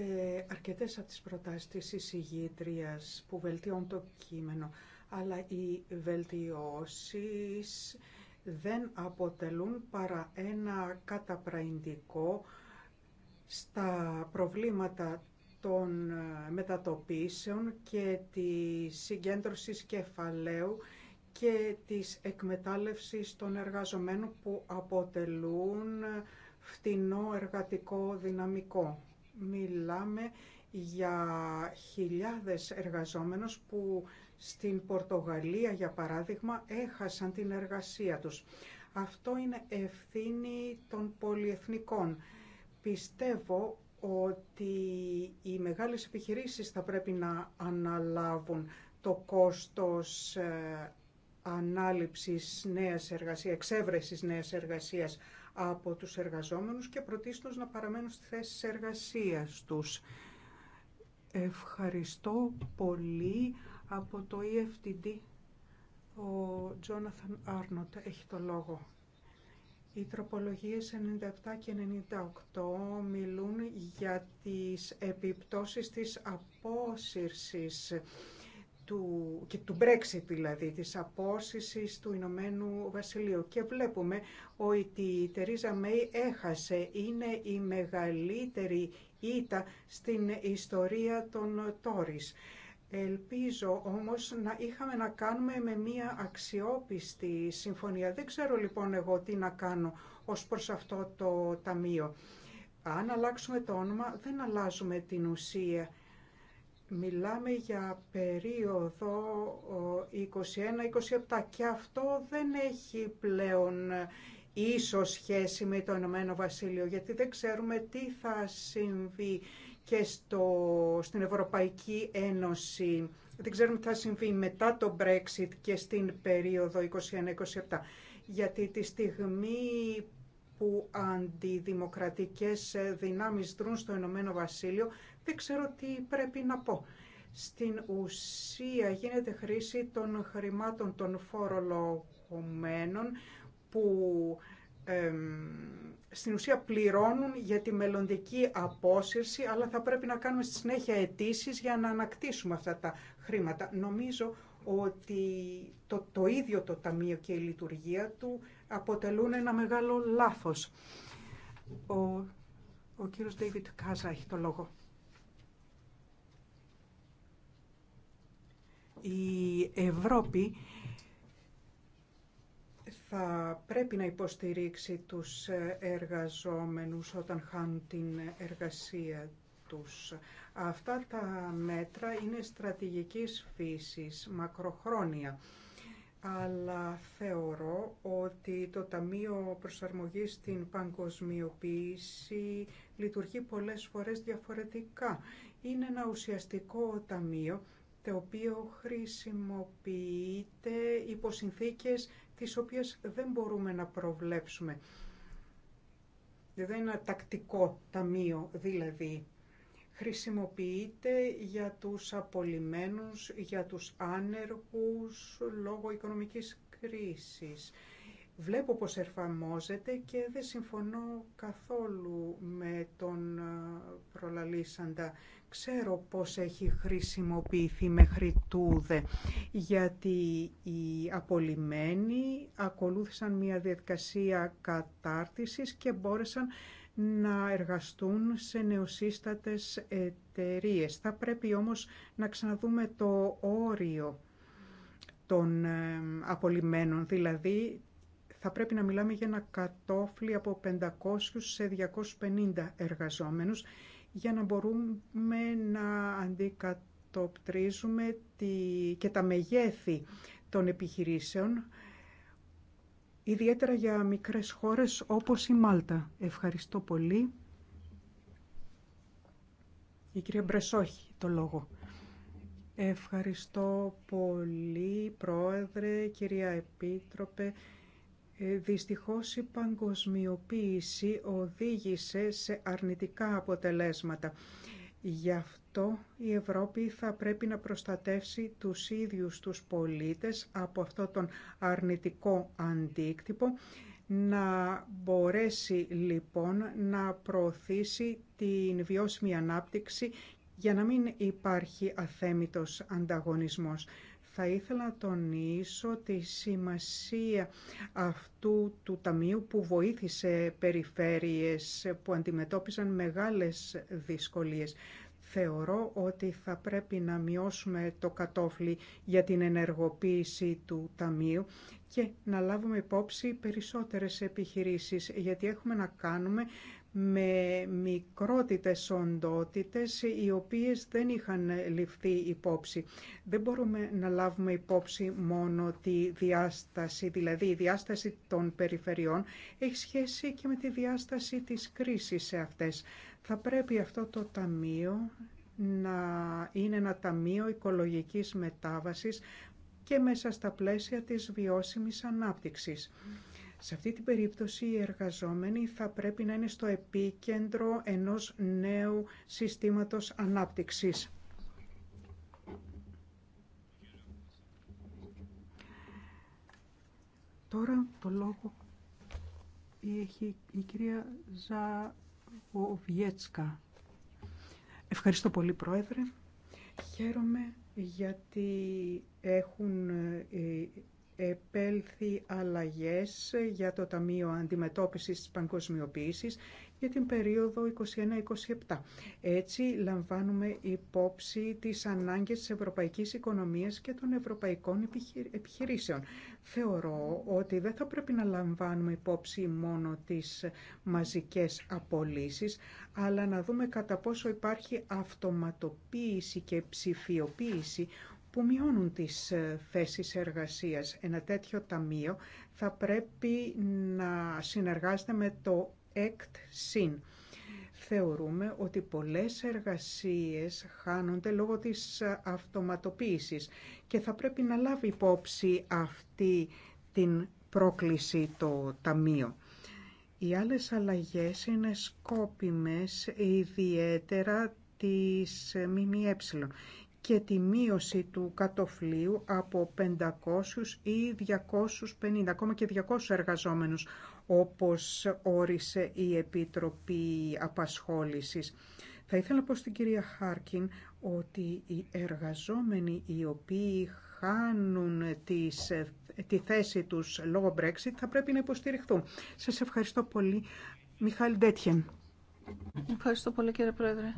αρκετές από τις προτάσεις της εισηγήτριας που βελτιώνουν το κείμενο, αλλά οι βελτιώσεις δεν αποτελούν παρά ένα καταπραϊντικό στα προβλήματα των μετατοπίσεων και τη συγκέντρωσης κεφαλαίου και της εκμετάλλευσης των εργαζομένων που αποτελούν φτηνό εργατικό δυναμικό. Μιλάμε για χιλιάδες εργαζόμενους που στην Πορτογαλία, για παράδειγμα, έχασαν την εργασία τους. Αυτό είναι ευθύνη των πολυεθνικών. Πιστεύω ότι οι μεγάλες επιχειρήσεις θα πρέπει να αναλάβουν το κόστος ε, ανάληψης νέας εργασίας, εξέβρεσης νέας εργασίας από τους εργαζόμενους και πρωτίστως να παραμένουν στη θέση εργασίας τους. Ευχαριστώ πολύ από το EFTD. Ο Τζόναθαν Άρνοτ έχει το λόγο. Οι τροπολογίες 97 και 98 μιλούν για τις επιπτώσεις της απόσυρσης του, και του Brexit δηλαδή, της απόσυσης του Ηνωμένου Βασιλείου. Και βλέπουμε ότι η Τερίζα Μέη έχασε, είναι η μεγαλύτερη ήττα στην ιστορία των Τόρις. Ελπίζω όμως να είχαμε να κάνουμε με μία αξιόπιστη συμφωνία. Δεν ξέρω λοιπόν εγώ τι να κάνω ως προς αυτό το ταμείο. Αν αλλάξουμε το όνομα δεν αλλάζουμε την ουσία Μιλάμε για περίοδο 21-27 και αυτό δεν έχει πλέον ίσο σχέση με το Ηνωμένο Βασίλειο, γιατί δεν ξέρουμε τι θα συμβεί και στο, στην Ευρωπαϊκή Ένωση. Δεν ξέρουμε τι θα συμβεί μετά το Brexit και στην περίοδο 21-27. Γιατί τη στιγμή που αντιδημοκρατικές δυνάμεις δρούν στο Ηνωμένο Βασίλειο, δεν ξέρω τι πρέπει να πω. Στην ουσία γίνεται χρήση των χρημάτων των φορολογουμένων που στην ουσία πληρώνουν για τη μελλοντική απόσυρση, αλλά θα πρέπει να κάνουμε στη συνέχεια αιτήσει για να ανακτήσουμε αυτά τα χρήματα. Νομίζω ότι το, το ίδιο το Ταμείο και η λειτουργία του αποτελούν ένα μεγάλο λάθος. Ο, ο κύριος Κάζα έχει το λόγο. Η Ευρώπη θα πρέπει να υποστηρίξει τους εργαζόμενους όταν χάνουν την εργασία τους. Αυτά τα μέτρα είναι στρατηγικής φύσης, μακροχρόνια. Αλλά θεωρώ ότι το Ταμείο Προσαρμογής στην Παγκοσμιοποίηση λειτουργεί πολλές φορές διαφορετικά. Είναι ένα ουσιαστικό ταμείο το οποίο χρησιμοποιείται υπό συνθήκες τις οποίες δεν μπορούμε να προβλέψουμε. Δεν είναι ένα τακτικό ταμείο δηλαδή. Χρησιμοποιείται για τους απολυμένους, για τους άνεργους λόγω οικονομικής κρίσης. Βλέπω πως ερφαμόζεται και δεν συμφωνώ καθόλου με τον ε, προλαλήσαντα. Ξέρω πως έχει χρησιμοποιηθεί μέχρι τούδε, γιατί οι απολυμμένοι ακολούθησαν μια διαδικασία κατάρτισης και μπόρεσαν να εργαστούν σε νεοσύστατες εταιρείε. Θα πρέπει όμως να ξαναδούμε το όριο των ε, απολυμμένων, δηλαδή θα πρέπει να μιλάμε για ένα κατόφλι από 500 σε 250 εργαζόμενους για να μπορούμε να αντικατοπτρίζουμε τη... και τα μεγέθη των επιχειρήσεων, ιδιαίτερα για μικρές χώρες όπως η Μάλτα. Ευχαριστώ πολύ. Η κυρία Μπρεσόχη το λόγο. Ευχαριστώ πολύ, Πρόεδρε, κυρία Επίτροπε, ε, δυστυχώς η παγκοσμιοποίηση οδήγησε σε αρνητικά αποτελέσματα. Γι' αυτό η Ευρώπη θα πρέπει να προστατεύσει τους ίδιους τους πολίτες από αυτό τον αρνητικό αντίκτυπο, να μπορέσει λοιπόν να προωθήσει την βιώσιμη ανάπτυξη για να μην υπάρχει αθέμητος ανταγωνισμός. Θα ήθελα να τονίσω τη σημασία αυτού του Ταμείου που βοήθησε περιφέρειες που αντιμετώπισαν μεγάλες δυσκολίες. Θεωρώ ότι θα πρέπει να μειώσουμε το κατόφλι για την ενεργοποίηση του Ταμείου και να λάβουμε υπόψη περισσότερες επιχειρήσεις, γιατί έχουμε να κάνουμε με μικρότητες οντότητες οι οποίες δεν είχαν ληφθεί υπόψη. Δεν μπορούμε να λάβουμε υπόψη μόνο τη διάσταση, δηλαδή η διάσταση των περιφερειών έχει σχέση και με τη διάσταση της κρίσης σε αυτές. Θα πρέπει αυτό το ταμείο να είναι ένα ταμείο οικολογικής μετάβασης και μέσα στα πλαίσια της βιώσιμης ανάπτυξης. Σε αυτή την περίπτωση οι εργαζόμενοι θα πρέπει να είναι στο επίκεντρο ενός νέου συστήματος ανάπτυξης. Τώρα το λόγο έχει η κυρία Ζαβοβιέτσκα. Ευχαριστώ πολύ Πρόεδρε. Χαίρομαι γιατί έχουν ε, επέλθει αλλαγές για το Ταμείο Αντιμετώπισης της Παγκοσμιοποίησης για την περίοδο 21-27. Έτσι λαμβάνουμε υπόψη τις ανάγκες της ευρωπαϊκής οικονομίας και των ευρωπαϊκών επιχειρήσεων. Θεωρώ ότι δεν θα πρέπει να λαμβάνουμε υπόψη μόνο τις μαζικές απολύσεις, αλλά να δούμε κατά πόσο υπάρχει αυτοματοποίηση και ψηφιοποίηση που μειώνουν τις ε, θέσεις εργασίας. Ένα τέτοιο ταμείο θα πρέπει να συνεργάζεται με το ECT Θεωρούμε ότι πολλές εργασίες χάνονται λόγω της ε, αυτοματοποίησης και θα πρέπει να λάβει υπόψη αυτή την πρόκληση το Ταμείο. Οι άλλες αλλαγές είναι σκόπιμες ιδιαίτερα της ε, ΜΜΕ και τη μείωση του κατοφλίου από 500 ή 250, ακόμα και 200 εργαζόμενους, όπως όρισε η Επίτροπη Απασχόλησης. Θα ήθελα να πω στην κυρία Χάρκιν ότι οι εργαζόμενοι οι οποίοι χάνουν τις, τη θέση τους λόγω Brexit θα πρέπει να υποστηριχθούν. Σας ευχαριστώ πολύ. Μιχάλη Ντέτχεν. Ευχαριστώ πολύ κύριε Πρόεδρε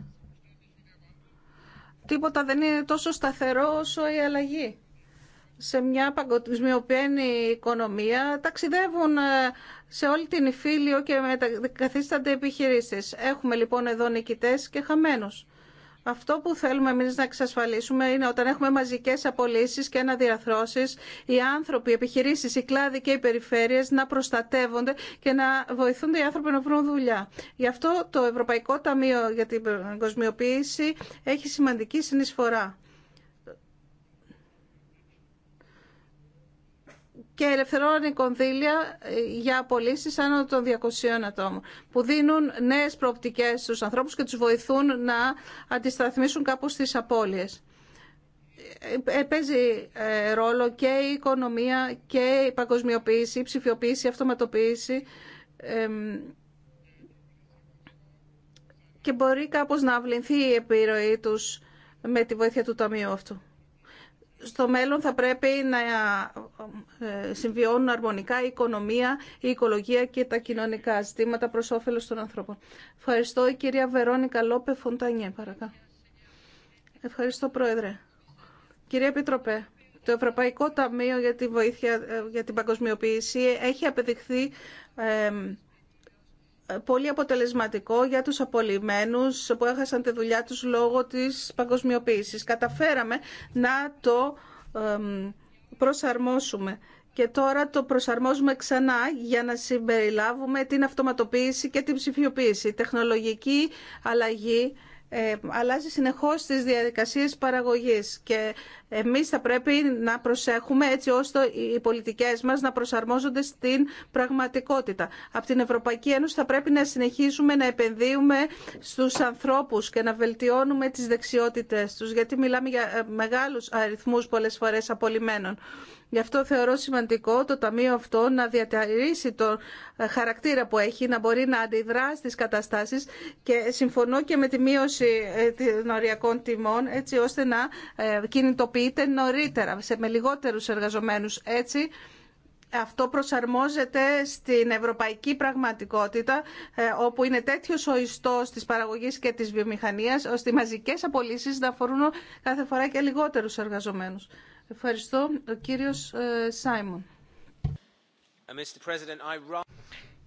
τίποτα δεν είναι τόσο σταθερό όσο η αλλαγή. Σε μια παγκοσμιοποιημένη οικονομία ταξιδεύουν ε, σε όλη την Ιφίλιο και καθίστανται επιχειρήσεις. Έχουμε λοιπόν εδώ νικητές και χαμένους. Αυτό που θέλουμε εμεί να εξασφαλίσουμε είναι όταν έχουμε μαζικέ απολύσει και αναδιαθρώσει, οι άνθρωποι, οι επιχειρήσει, οι κλάδοι και οι περιφέρειε να προστατεύονται και να βοηθούνται οι άνθρωποι να βρουν δουλειά. Γι' αυτό το Ευρωπαϊκό Ταμείο για την Κοσμιοποίηση έχει σημαντική συνεισφορά. και ελευθερώνει κονδύλια ε, για απολύσει άνω των 200 ατόμων, που δίνουν νέε προοπτικέ στου ανθρώπου και του βοηθούν να αντισταθμίσουν κάπω τι απώλειε. Ε, ε, παίζει ρόλο και η οικονομία και η παγκοσμιοποίηση, η ψηφιοποίηση, η αυτοματοποίηση και μπορεί κάπως να αυλυνθεί η επιρροή τους με τη βοήθεια του ταμείου αυτού στο μέλλον θα πρέπει να ε, συμβιώνουν αρμονικά η οικονομία, η οικολογία και τα κοινωνικά ζητήματα προς όφελος των ανθρώπων. Ευχαριστώ η κυρία Βερόνικα Λόπε Φοντανιέ, παρακαλώ. Ευχαριστώ Πρόεδρε. Κυρία Επιτροπέ, το Ευρωπαϊκό Ταμείο για τη Βοήθεια ε, για την Παγκοσμιοποίηση έχει απεδειχθεί ε, πολύ αποτελεσματικό για τους απολυμμένους που έχασαν τη δουλειά τους λόγω της παγκοσμιοποίησης. Καταφέραμε να το προσαρμόσουμε και τώρα το προσαρμόζουμε ξανά για να συμπεριλάβουμε την αυτοματοποίηση και την ψηφιοποίηση. τεχνολογική αλλαγή ε, αλλάζει συνεχώς τις διαδικασίες παραγωγής και εμείς θα πρέπει να προσέχουμε έτσι ώστε οι πολιτικές μας να προσαρμόζονται στην πραγματικότητα. Από την Ευρωπαϊκή Ένωση θα πρέπει να συνεχίσουμε να επενδύουμε στους ανθρώπους και να βελτιώνουμε τις δεξιότητες τους γιατί μιλάμε για μεγάλους αριθμούς πολλές φορές απολυμένων. Γι' αυτό θεωρώ σημαντικό το Ταμείο αυτό να διατηρήσει το χαρακτήρα που έχει, να μπορεί να αντιδρά στις καταστάσεις και συμφωνώ και με τη μείωση ε, των οριακών τιμών έτσι ώστε να ε, κινητοποιείται νωρίτερα σε, με λιγότερους εργαζομένους έτσι αυτό προσαρμόζεται στην ευρωπαϊκή πραγματικότητα ε, όπου είναι τέτοιο ο ιστό της παραγωγής και τη βιομηχανία ώστε οι μαζικέ απολύσει να αφορούν κάθε φορά και λιγότερου εργαζομένου. Ευχαριστώ. Ο κύριος ε, Σάιμον. Ε,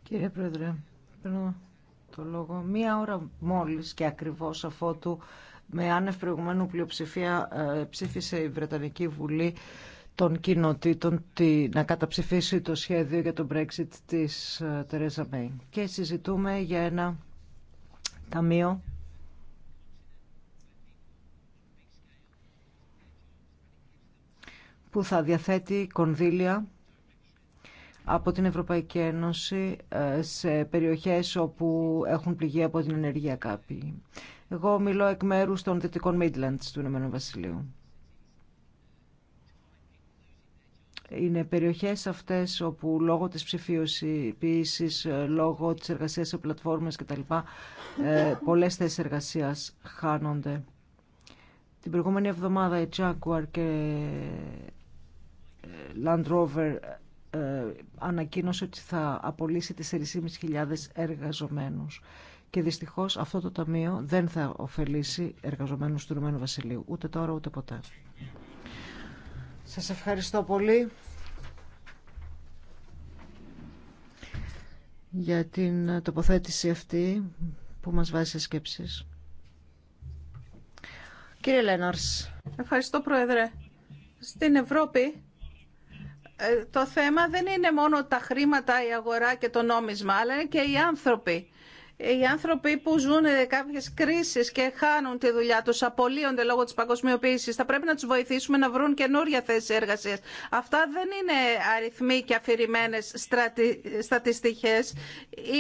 Κύριε Πρόεδρε, παίρνω το λόγο. Μία ώρα μόλις και ακριβώς αφότου με άνευ προηγουμένου πλειοψηφία ε, ψήφισε η Βρετανική Βουλή των κοινοτήτων να καταψηφίσει το σχέδιο για το Brexit της Τερέζα Μέιν. Και συζητούμε για ένα ταμείο που θα διαθέτει κονδύλια από την Ευρωπαϊκή Ένωση ε, σε περιοχές όπου έχουν πληγεί από την ενεργεία κάποιοι. Εγώ μιλώ εκ μέρους των Δυτικών Midlands του Ηνωμένου Βασιλείου. Είναι περιοχές αυτές όπου λόγω της ψηφιοποίησης, ε, λόγω της εργασίας σε πλατφόρμες κτλ. Ε, πολλές θέσεις εργασίας χάνονται. Την προηγούμενη εβδομάδα η Jaguar και Land Rover ε, ε, ανακοίνωσε ότι θα απολύσει 4.500 εργαζομένους. Και δυστυχώς αυτό το ταμείο δεν θα ωφελήσει εργαζομένους του Ρωμένου Βασιλείου. Ούτε τώρα ούτε ποτέ. Σας ευχαριστώ πολύ για την τοποθέτηση αυτή που μας βάζει σε σκέψεις. Κύριε Λέναρς. Ευχαριστώ Πρόεδρε. Στην Ευρώπη ε, το θέμα δεν είναι μόνο τα χρήματα, η αγορά και το νόμισμα, αλλά είναι και οι άνθρωποι οι άνθρωποι που ζουν ε, κάποιε κρίσει και χάνουν τη δουλειά του, απολύονται λόγω τη παγκοσμιοποίηση, θα πρέπει να του βοηθήσουμε να βρουν καινούργια θέσει εργασία. Αυτά δεν είναι αριθμοί και αφηρημένε στρατι... στατιστικέ.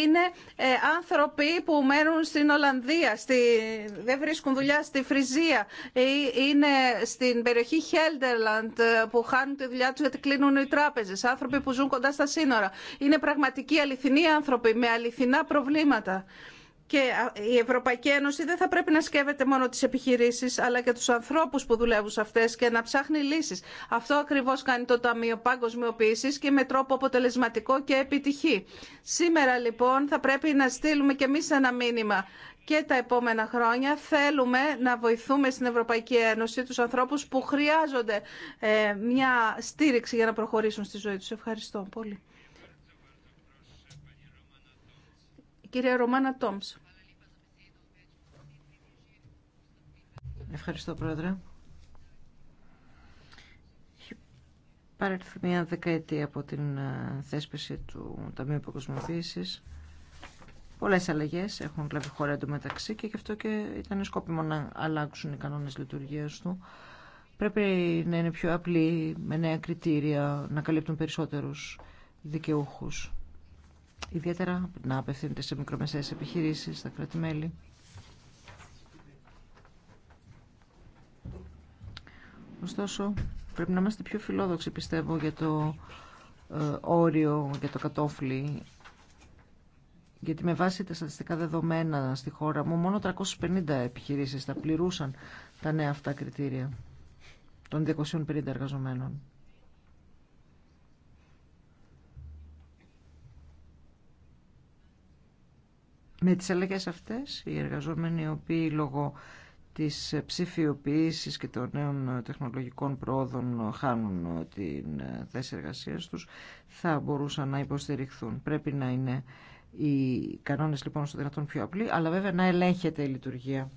Είναι ε, άνθρωποι που μένουν στην Ολλανδία, στη... δεν βρίσκουν δουλειά στη Φριζία ή είναι στην περιοχή Χέλτερλαντ ε, που χάνουν τη δουλειά του γιατί κλείνουν οι τράπεζε. Άνθρωποι που ζουν κοντά στα σύνορα. Είναι πραγματικοί αληθινοί άνθρωποι με αληθινά προβλήματα. Και η Ευρωπαϊκή Ένωση δεν θα πρέπει να σκέφτεται μόνο τι επιχειρήσει, αλλά και του ανθρώπου που δουλεύουν σε αυτέ και να ψάχνει λύσει. Αυτό ακριβώ κάνει το Ταμείο παγκοσμιοποίηση και με τρόπο αποτελεσματικό και επιτυχή. Σήμερα λοιπόν θα πρέπει να στείλουμε και εμεί ένα μήνυμα και τα επόμενα χρόνια θέλουμε να βοηθούμε στην Ευρωπαϊκή Ένωση τους ανθρώπους που χρειάζονται ε, μια στήριξη για να προχωρήσουν στη ζωή τους. Ευχαριστώ πολύ. κυρία Ρωμάνα Τόμς. Ευχαριστώ, Πρόεδρε. Έχει παρέλθει μια δεκαετία από την ε, θέσπιση του Ταμείου Υποκοσμοποίησης. Πολλές αλλαγές έχουν λάβει χώρα εντωμεταξύ και γι' αυτό και ήταν σκόπιμο να αλλάξουν οι κανόνες λειτουργίας του. Πρέπει να είναι πιο απλή, με νέα κριτήρια, να καλύπτουν περισσότερους δικαιούχους ιδιαίτερα να απευθύνεται σε μικρομεσαίες επιχειρήσεις, στα κράτη-μέλη. Ωστόσο, πρέπει να είμαστε πιο φιλόδοξοι, πιστεύω, για το ε, όριο, για το κατόφλι. Γιατί με βάση τα στατιστικά δεδομένα στη χώρα μου, μόνο 350 επιχειρήσεις θα πληρούσαν τα νέα αυτά κριτήρια των 250 εργαζομένων. Με τις αλλαγές αυτές οι εργαζόμενοι οι οποίοι λόγω της ψηφιοποίησης και των νέων τεχνολογικών πρόοδων χάνουν την θέση εργασίας τους θα μπορούσαν να υποστηριχθούν. Πρέπει να είναι οι κανόνες λοιπόν στο δυνατόν πιο απλοί αλλά βέβαια να ελέγχεται η λειτουργία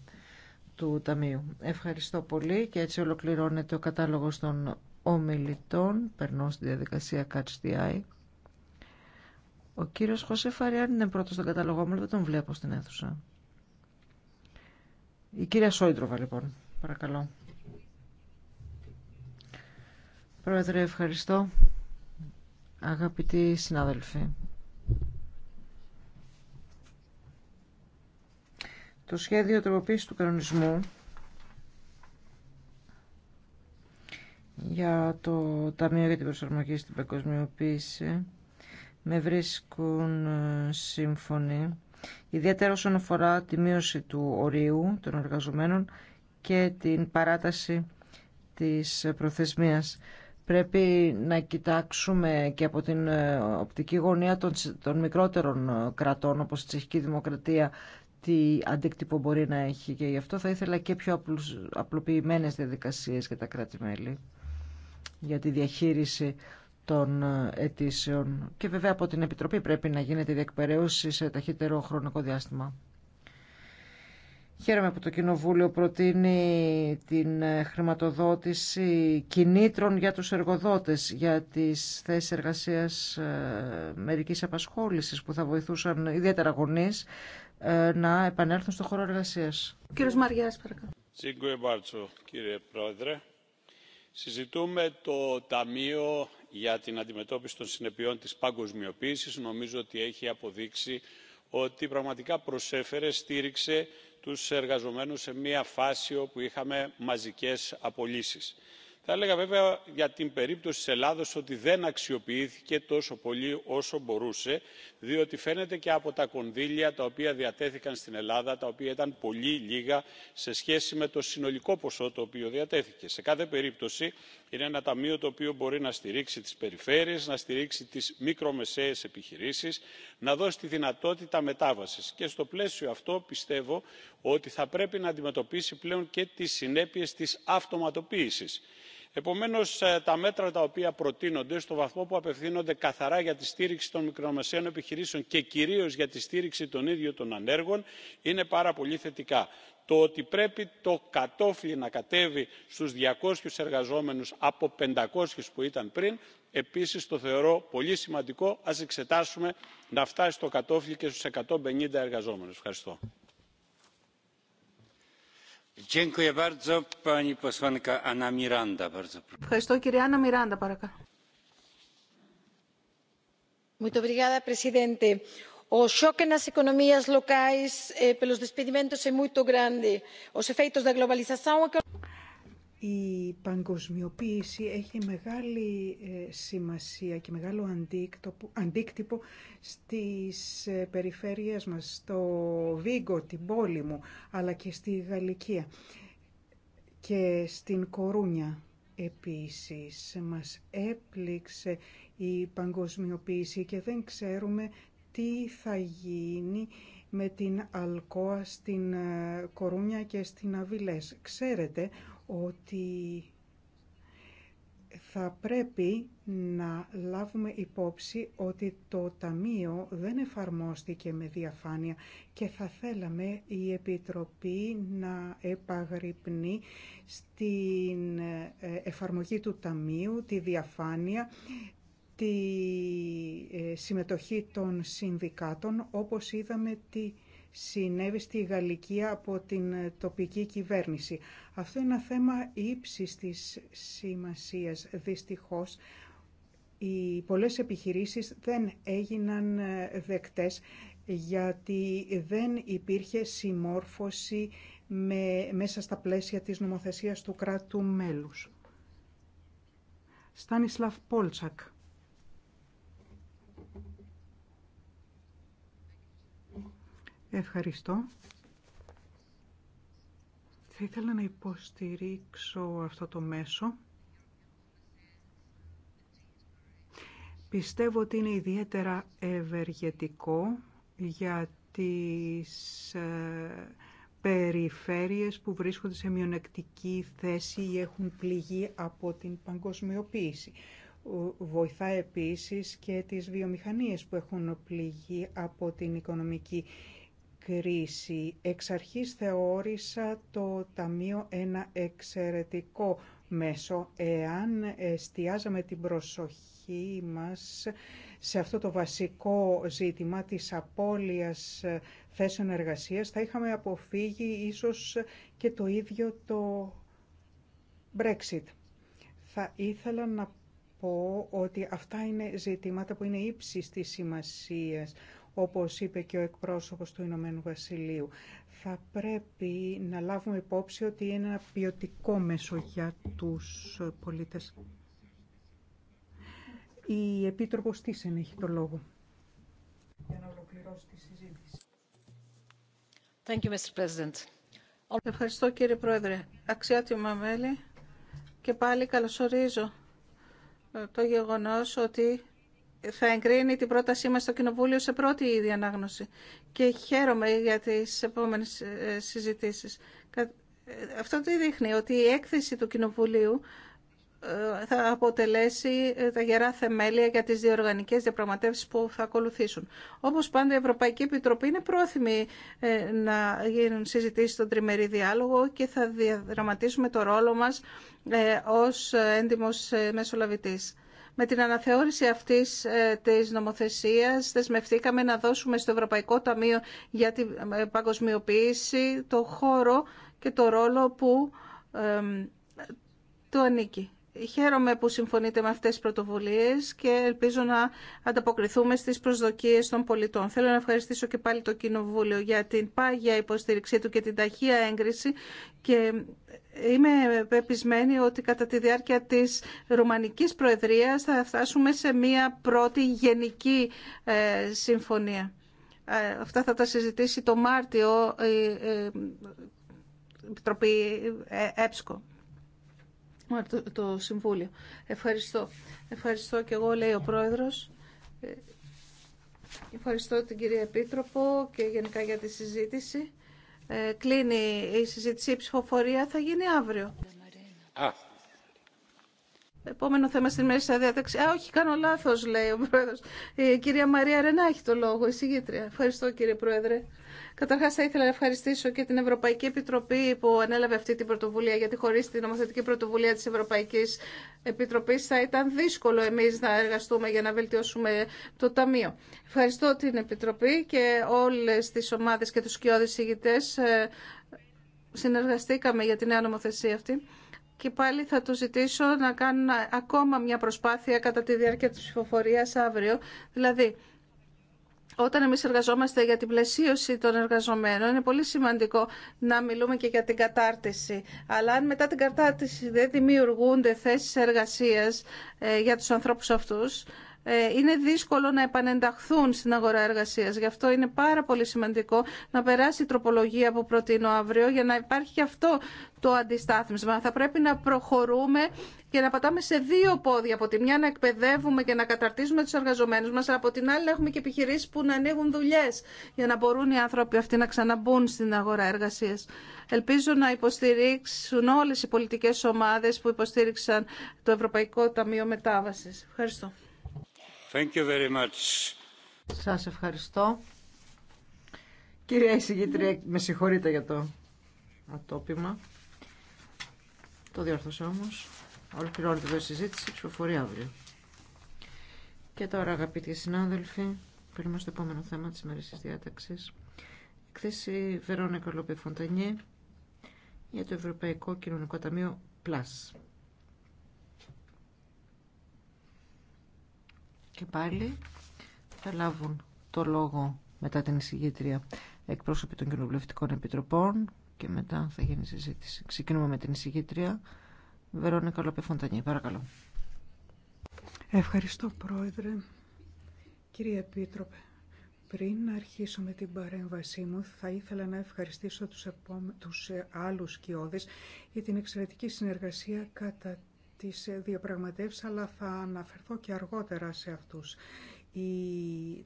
του Ταμείου. Ευχαριστώ πολύ και έτσι ολοκληρώνεται ο κατάλογος των ομιλητών. Περνώ στη διαδικασία Catch the Eye. Ο κύριος Χωσέ Φαριάν είναι πρώτος στον καταλογό μου, δεν τον βλέπω στην αίθουσα. Η κυρία Σόιντροβα, λοιπόν, παρακαλώ. Πρόεδρε, ευχαριστώ. Αγαπητοί συνάδελφοι. Το σχέδιο τροποποίησης του κανονισμού για το Ταμείο για την Προσαρμογή στην Παγκοσμιοποίηση με βρίσκουν ε, σύμφωνοι, ιδιαίτερα όσον αφορά τη μείωση του ορίου των εργαζομένων και την παράταση της προθεσμίας. Πρέπει να κοιτάξουμε και από την ε, οπτική γωνία των, μικρότερων ε, κρατών, όπως η Τσεχική Δημοκρατία, τι αντίκτυπο μπορεί να έχει. Και γι' αυτό θα ήθελα και πιο απλοποιημένες διαδικασίες για τα κράτη-μέλη για τη διαχείριση των αιτήσεων και βέβαια από την Επιτροπή πρέπει να γίνεται η διεκπαιρέωση σε ταχύτερο χρονικό διάστημα. Χαίρομαι που το Κοινοβούλιο προτείνει την χρηματοδότηση κινήτρων για τους εργοδότες για τις θέσεις εργασίας ε, μερικής απασχόλησης που θα βοηθούσαν ιδιαίτερα γονείς ε, να επανέλθουν στο χώρο εργασίας. Κύριος Μαριάς, παρακαλώ. Κύριε Πρόεδρε, συζητούμε το Ταμείο για την αντιμετώπιση των συνεπειών της παγκοσμιοποίησης νομίζω ότι έχει αποδείξει ότι πραγματικά προσέφερε στήριξε τους εργαζομένους σε μια φάση όπου είχαμε μαζικές απολύσεις. θα έλεγα βέβαια για την περίπτωση της ελλάδος ότι δεν αξιοποιήθηκε τόσο πολύ όσο μπορούσε διότι φαίνεται και από τα κονδύλια τα οποία διατέθηκαν στην ελλάδα τα οποία ήταν πολύ λίγα σε σχέση με το συνολικό ποσό το οποίο διατέθηκε. σε κάθε περίπτωση είναι ένα ταμείο το οποίο μπορεί να στηρίξει τις περιφέρειες να στηρίξει τις μικρομεσαίες επιχειρήσεις να δώσει τη δυνατότητα μετάβασης και στο πλαίσιο αυτό πιστεύω ότι θα πρέπει να αντιμετωπίσει πλέον και τις συνέπειες της αυτοματοποίησης επομένως ε, τα μέτρα τα οποία προτείνονται στο βαθμό που απευθύνονται καθαρά για τη στήριξη των μικρομεσαίων επιχειρήσεων και κυρίως για τη στήριξη των ίδιων των ανέργων είναι πάρα πολύ θετικά. το ότι πρέπει το κατόφλι να κατέβει στους 200 εργαζόμενους από 500 που ήταν πριν επίσης το θεωρώ πολύ σημαντικό. ας εξετάσουμε να φτάσει το κατόφλι και στους 150 εργαζόμενους. ευχαριστώ. Ευχαριστώ κυρία o choque nas economías locais pelos despedimentos é muito grande. Os efeitos da globalização η παγκοσμιοποίηση έχει μεγάλη ε, σημασία και μεγάλο αντίκτυπο στις ε, περιφέρειες μας, στο Βίγκο, την πόλη μου, αλλά και στη Γαλλικία και στην Κορούνια. Επίσης, μας έπληξε η παγκοσμιοποίηση και δεν ξέρουμε τι θα γίνει με την Αλκόα στην ε, Κορούνια και στην Αβιλές. Ξέρετε ότι θα πρέπει να λάβουμε υπόψη ότι το Ταμείο δεν εφαρμόστηκε με διαφάνεια και θα θέλαμε η Επιτροπή να επαγρυπνεί στην ε, εφαρμογή του Ταμείου, τη διαφάνεια, τη ε, συμμετοχή των συνδικάτων, όπως είδαμε τη συνέβη στη Γαλλική από την ε, τοπική κυβέρνηση. Αυτό είναι ένα θέμα ύψης της σημασίας. Δυστυχώς, οι πολλές επιχειρήσεις δεν έγιναν ε, δεκτές γιατί δεν υπήρχε συμμόρφωση με, μέσα στα πλαίσια της νομοθεσίας του κράτου μέλους. Στάνισλαφ Πόλτσακ. Ευχαριστώ. Θα ήθελα να υποστηρίξω αυτό το μέσο. Πιστεύω ότι είναι ιδιαίτερα ευεργετικό για τις ε, περιφέρειες που βρίσκονται σε μειονεκτική θέση ή έχουν πληγεί από την παγκοσμιοποίηση. Βοηθά επίσης και τις βιομηχανίες που έχουν πληγεί από την οικονομική κρίση. Εξ αρχής θεώρησα το Ταμείο ένα εξαιρετικό μέσο εάν εστιάζαμε την προσοχή μας σε αυτό το βασικό ζήτημα της απώλειας θέσεων εργασίας θα είχαμε αποφύγει ίσως και το ίδιο το Brexit. Θα ήθελα να πω ότι αυτά είναι ζητήματα που είναι ύψης της σημασίας όπως είπε και ο εκπρόσωπος του Ηνωμένου Βασιλείου. Θα πρέπει να λάβουμε υπόψη ότι είναι ένα ποιοτικό μέσο για τους πολίτες. Η Επίτροπος Τίσεν έχει το λόγο. Για να ολοκληρώσει τη συζήτηση. Thank you, Mr. Ευχαριστώ κύριε Πρόεδρε. Αξιότιμα μέλη και πάλι καλωσορίζω το γεγονός ότι θα εγκρίνει την πρότασή μας στο Κοινοβούλιο σε πρώτη ήδη ανάγνωση. Και χαίρομαι για τις επόμενες ε, συζητήσεις. Ε, αυτό τι δείχνει, ότι η έκθεση του Κοινοβουλίου ε, θα αποτελέσει τα γερά θεμέλια για τις διοργανικές διαπραγματεύσεις που θα ακολουθήσουν. Όπως πάντα η Ευρωπαϊκή Επιτροπή είναι πρόθυμη να γίνουν συζητήσεις στον τριμερή διάλογο και θα διαδραματίσουμε το ρόλο μας ως έντιμος μεσολαβητής. Με την αναθεώρηση αυτής ε, της νομοθεσίας δεσμευτήκαμε να δώσουμε στο Ευρωπαϊκό Ταμείο για την ε, παγκοσμιοποίηση το χώρο και το ρόλο που ε, του ανήκει. Χαίρομαι που συμφωνείτε με αυτές τις πρωτοβουλίες και ελπίζω να ανταποκριθούμε στις προσδοκίες των πολιτών. Θέλω να ευχαριστήσω και πάλι το Κοινοβούλιο για την πάγια υποστήριξή του και την ταχεία έγκριση και είμαι πεπισμένη ότι κατά τη διάρκεια της Ρουμανικής Προεδρίας θα φτάσουμε σε μία πρώτη γενική ε, συμφωνία. Ε, αυτά θα τα συζητήσει το Μάρτιο η ε, Επιτροπή ΕΠΣΚΟ το, το Συμβούλιο. Ευχαριστώ. Ευχαριστώ και εγώ, λέει ο Πρόεδρος. Ε, ευχαριστώ την κυρία Επίτροπο και γενικά για τη συζήτηση. Ε, κλείνει η συζήτηση. Η ψηφοφορία θα γίνει αύριο. Α. Επόμενο θέμα στην μέρη της διάταξη. Α, όχι, κάνω λάθος, λέει ο Πρόεδρος. Η κυρία Μαρία Ρενά έχει το λόγο, η συγγήτρια. Ευχαριστώ, κύριε πρόεδρε. Καταρχά, θα ήθελα να ευχαριστήσω και την Ευρωπαϊκή Επιτροπή που ανέλαβε αυτή την πρωτοβουλία, γιατί χωρί την νομοθετική πρωτοβουλία τη Ευρωπαϊκή Επιτροπή θα ήταν δύσκολο εμεί να εργαστούμε για να βελτιώσουμε το Ταμείο. Ευχαριστώ την Επιτροπή και όλε τι ομάδε και του κοιόδη ηγητέ. Ε, συνεργαστήκαμε για την νέα νομοθεσία αυτή και πάλι θα του ζητήσω να κάνουν ακόμα μια προσπάθεια κατά τη διάρκεια της ψηφοφορία αύριο. Δηλαδή, όταν εμείς εργαζόμαστε για την πλαισίωση των εργαζομένων, είναι πολύ σημαντικό να μιλούμε και για την κατάρτιση. Αλλά αν μετά την κατάρτιση δεν δημιουργούνται θέσεις εργασίας ε, για τους ανθρώπους αυτούς, ε, είναι δύσκολο να επανενταχθούν στην αγορά εργασίας. Γι' αυτό είναι πάρα πολύ σημαντικό να περάσει η τροπολογία που προτείνω αύριο για να υπάρχει και αυτό το αντιστάθμισμα. Θα πρέπει να προχωρούμε και να πατάμε σε δύο πόδια. Από τη μια να εκπαιδεύουμε και να καταρτίζουμε τους εργαζομένους μας, αλλά από την άλλη έχουμε και επιχειρήσεις που να ανοίγουν δουλειέ για να μπορούν οι άνθρωποι αυτοί να ξαναμπούν στην αγορά εργασίας. Ελπίζω να υποστηρίξουν όλες οι πολιτικές ομάδες που υποστήριξαν το Ευρωπαϊκό Ταμείο Μετάβασης. Ευχαριστώ. Thank Σας ευχαριστώ. Κυρία εισηγήτρια, με συγχωρείτε για το ατόπιμα. Το διόρθωσα όμως. Ολοκληρώνεται εδώ η συζήτηση, ψηφοφορία αύριο. Και τώρα αγαπητοί συνάδελφοι, περνάμε στο επόμενο θέμα της μέρης της διάταξης. Εκθέση Βερόνα Καλόπη Φοντανιέ για το Ευρωπαϊκό Κοινωνικό Ταμείο Plus. Και πάλι θα λάβουν το λόγο μετά την εισηγήτρια εκπρόσωποι των κοινοβουλευτικών επιτροπών και μετά θα γίνει συζήτηση. Ξεκινούμε με την εισηγήτρια. Βερόνικα Φοντανή. παρακαλώ. Ευχαριστώ, Πρόεδρε. Κύριε Επίτροπε, πριν να αρχίσω με την παρέμβασή μου, θα ήθελα να ευχαριστήσω τους, επόμε... τους ε, άλλους κοιόδες για την εξαιρετική συνεργασία κατά τις διαπραγματεύσεις, αλλά θα αναφερθώ και αργότερα σε αυτούς.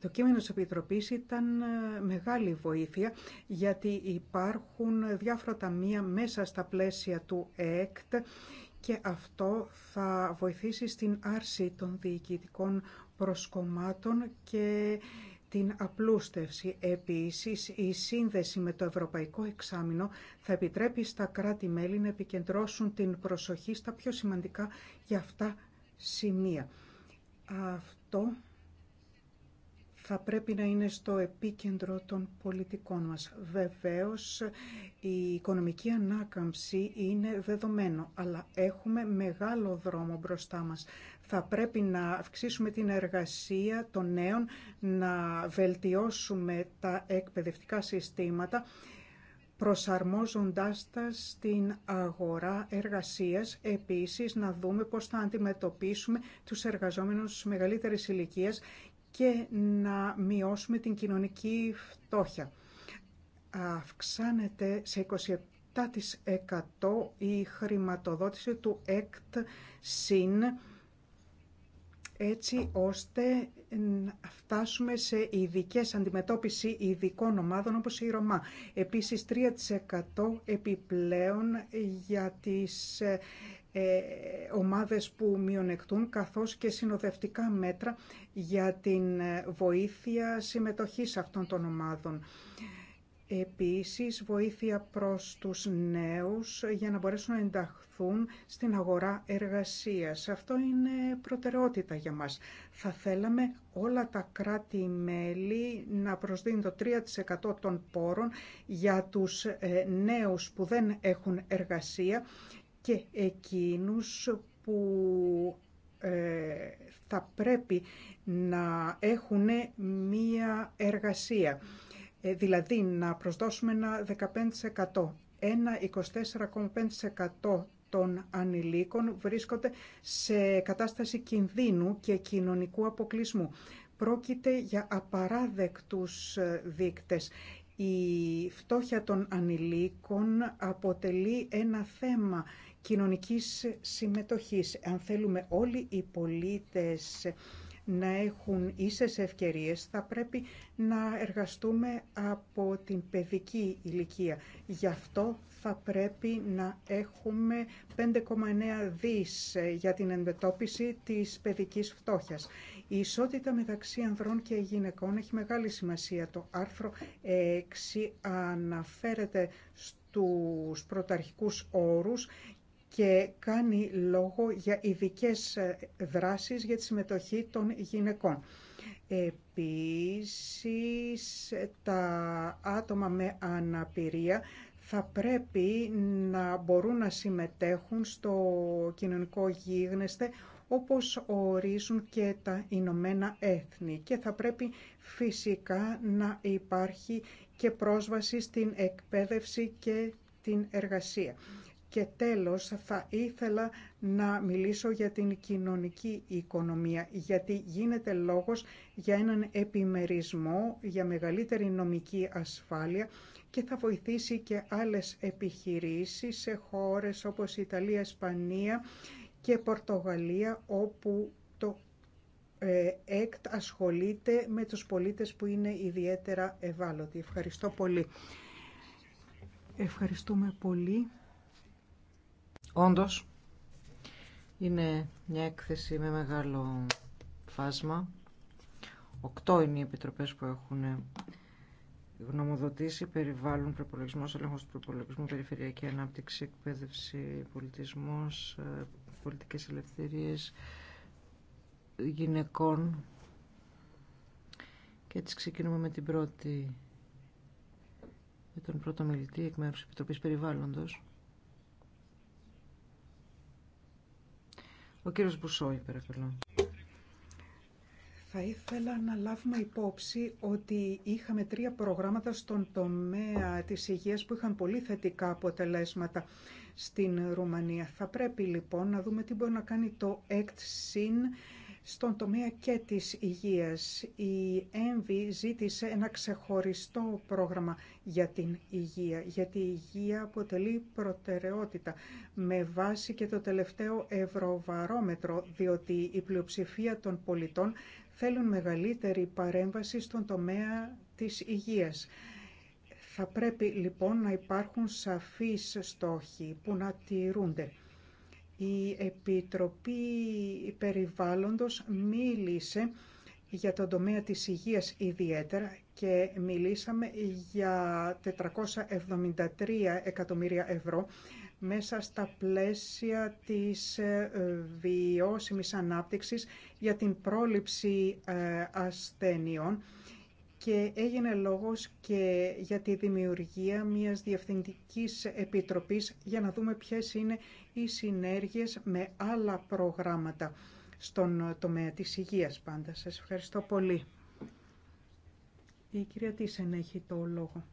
Το κείμενο της Επιτροπής ήταν ε, μεγάλη βοήθεια γιατί υπάρχουν διάφορα ταμεία μέσα στα πλαίσια του ΕΕΚΤ και αυτό θα βοηθήσει στην άρση των διοικητικών προσκομμάτων και την απλούστευση. Επίσης, η σύνδεση με το Ευρωπαϊκό Εξάμεινο θα επιτρέπει στα κράτη-μέλη να επικεντρώσουν την προσοχή στα πιο σημαντικά για αυτά σημεία. Αυτό θα πρέπει να είναι στο επίκεντρο των πολιτικών μας. Βεβαίως, η οικονομική ανάκαμψη είναι δεδομένο, αλλά έχουμε μεγάλο δρόμο μπροστά μας. Θα πρέπει να αυξήσουμε την εργασία των νέων, να βελτιώσουμε τα εκπαιδευτικά συστήματα, προσαρμόζοντάς τα στην αγορά εργασίας, επίσης να δούμε πώς θα αντιμετωπίσουμε τους εργαζόμενους μεγαλύτερης ηλικίας και να μειώσουμε την κοινωνική φτώχεια. Αυξάνεται σε 27% η χρηματοδότηση του ΕΚΤ συν έτσι ώστε να φτάσουμε σε ειδικέ αντιμετώπιση ειδικών ομάδων όπως η Ρωμά. Επίσης 3% επιπλέον για τις ε, ε, ομάδες που μειονεκτούν, καθώς και συνοδευτικά μέτρα για την ε, βοήθεια συμμετοχής αυτών των ομάδων. Επίσης, βοήθεια προς τους νέους για να μπορέσουν να ενταχθούν στην αγορά εργασίας. Αυτό είναι προτεραιότητα για μας. Θα θέλαμε όλα τα κράτη-μέλη να προσδίνουν το 3% των πόρων για τους ε, νέους που δεν έχουν εργασία και εκείνους που ε, θα πρέπει να έχουν μία εργασία. Ε, δηλαδή να προσδώσουμε ένα 15%. Ένα 24,5% των ανηλίκων βρίσκονται σε κατάσταση κινδύνου και κοινωνικού αποκλεισμού. Πρόκειται για απαράδεκτους ε, δείκτες. Η φτώχεια των ανηλίκων αποτελεί ένα θέμα κοινωνικής συμμετοχής. Αν θέλουμε όλοι οι πολίτες να έχουν ίσες ευκαιρίες, θα πρέπει να εργαστούμε από την παιδική ηλικία. Γι' αυτό θα πρέπει να έχουμε 5,9 δις για την εντετόπιση της παιδικής φτώχειας. Η ισότητα μεταξύ ανδρών και γυναικών έχει μεγάλη σημασία. Το άρθρο 6 αναφέρεται στους πρωταρχικούς όρους και κάνει λόγο για ειδικέ ε, δράσεις για τη συμμετοχή των γυναικών. Επίσης, τα άτομα με αναπηρία θα πρέπει να μπορούν να συμμετέχουν στο κοινωνικό γίγνεσθε όπως ορίζουν και τα Ηνωμένα Έθνη και θα πρέπει φυσικά να υπάρχει και πρόσβαση στην εκπαίδευση και την εργασία. Και τέλος θα ήθελα να μιλήσω για την κοινωνική οικονομία, γιατί γίνεται λόγος για έναν επιμερισμό, για μεγαλύτερη νομική ασφάλεια και θα βοηθήσει και άλλες επιχειρήσεις σε χώρες όπως Ιταλία, Ισπανία και Πορτογαλία, όπου το ε, ΕΚΤ ασχολείται με τους πολίτες που είναι ιδιαίτερα ευάλωτοι. Ευχαριστώ πολύ. Ευχαριστούμε πολύ. Όντως, είναι μια έκθεση με μεγάλο φάσμα. Οκτώ είναι οι επιτροπές που έχουν γνωμοδοτήσει, περιβάλλον, προπολογισμός, έλεγχος του προπολογισμού, περιφερειακή ανάπτυξη, εκπαίδευση, πολιτισμός, ε, πολιτικές ελευθερίες γυναικών. Και έτσι ξεκινούμε με την πρώτη, με τον πρώτο μιλητή εκ μέρους Επιτροπής Περιβάλλοντος. Ο κύριο Μπουσόη, παρακαλώ. Θα ήθελα να λάβουμε υπόψη ότι είχαμε τρία προγράμματα στον τομέα της υγείας που είχαν πολύ θετικά αποτελέσματα στην Ρουμανία. Θα πρέπει λοιπόν να δούμε τι μπορεί να κάνει το ΕΚΤΣΙΝ. Στον τομέα και της υγείας, η ΕΜΒΗ ζήτησε ένα ξεχωριστό πρόγραμμα για την υγεία, γιατί η υγεία αποτελεί προτεραιότητα με βάση και το τελευταίο ευρωβαρόμετρο, διότι η πλειοψηφία των πολιτών θέλουν μεγαλύτερη παρέμβαση στον τομέα της υγείας. Θα πρέπει λοιπόν να υπάρχουν σαφείς στόχοι που να τηρούνται. Η Επιτροπή Περιβάλλοντος μίλησε για τον τομέα της υγείας ιδιαίτερα και μιλήσαμε για 473 εκατομμύρια ευρώ μέσα στα πλαίσια της ε, βιώσιμης ανάπτυξης για την πρόληψη ε, ασθενειών και έγινε λόγος και για τη δημιουργία μιας διευθυντικής επιτροπής για να δούμε ποιες είναι οι συνέργειες με άλλα προγράμματα στον τομέα της υγείας πάντα. Σας ευχαριστώ πολύ. Η κυρία Τίσεν έχει το λόγο.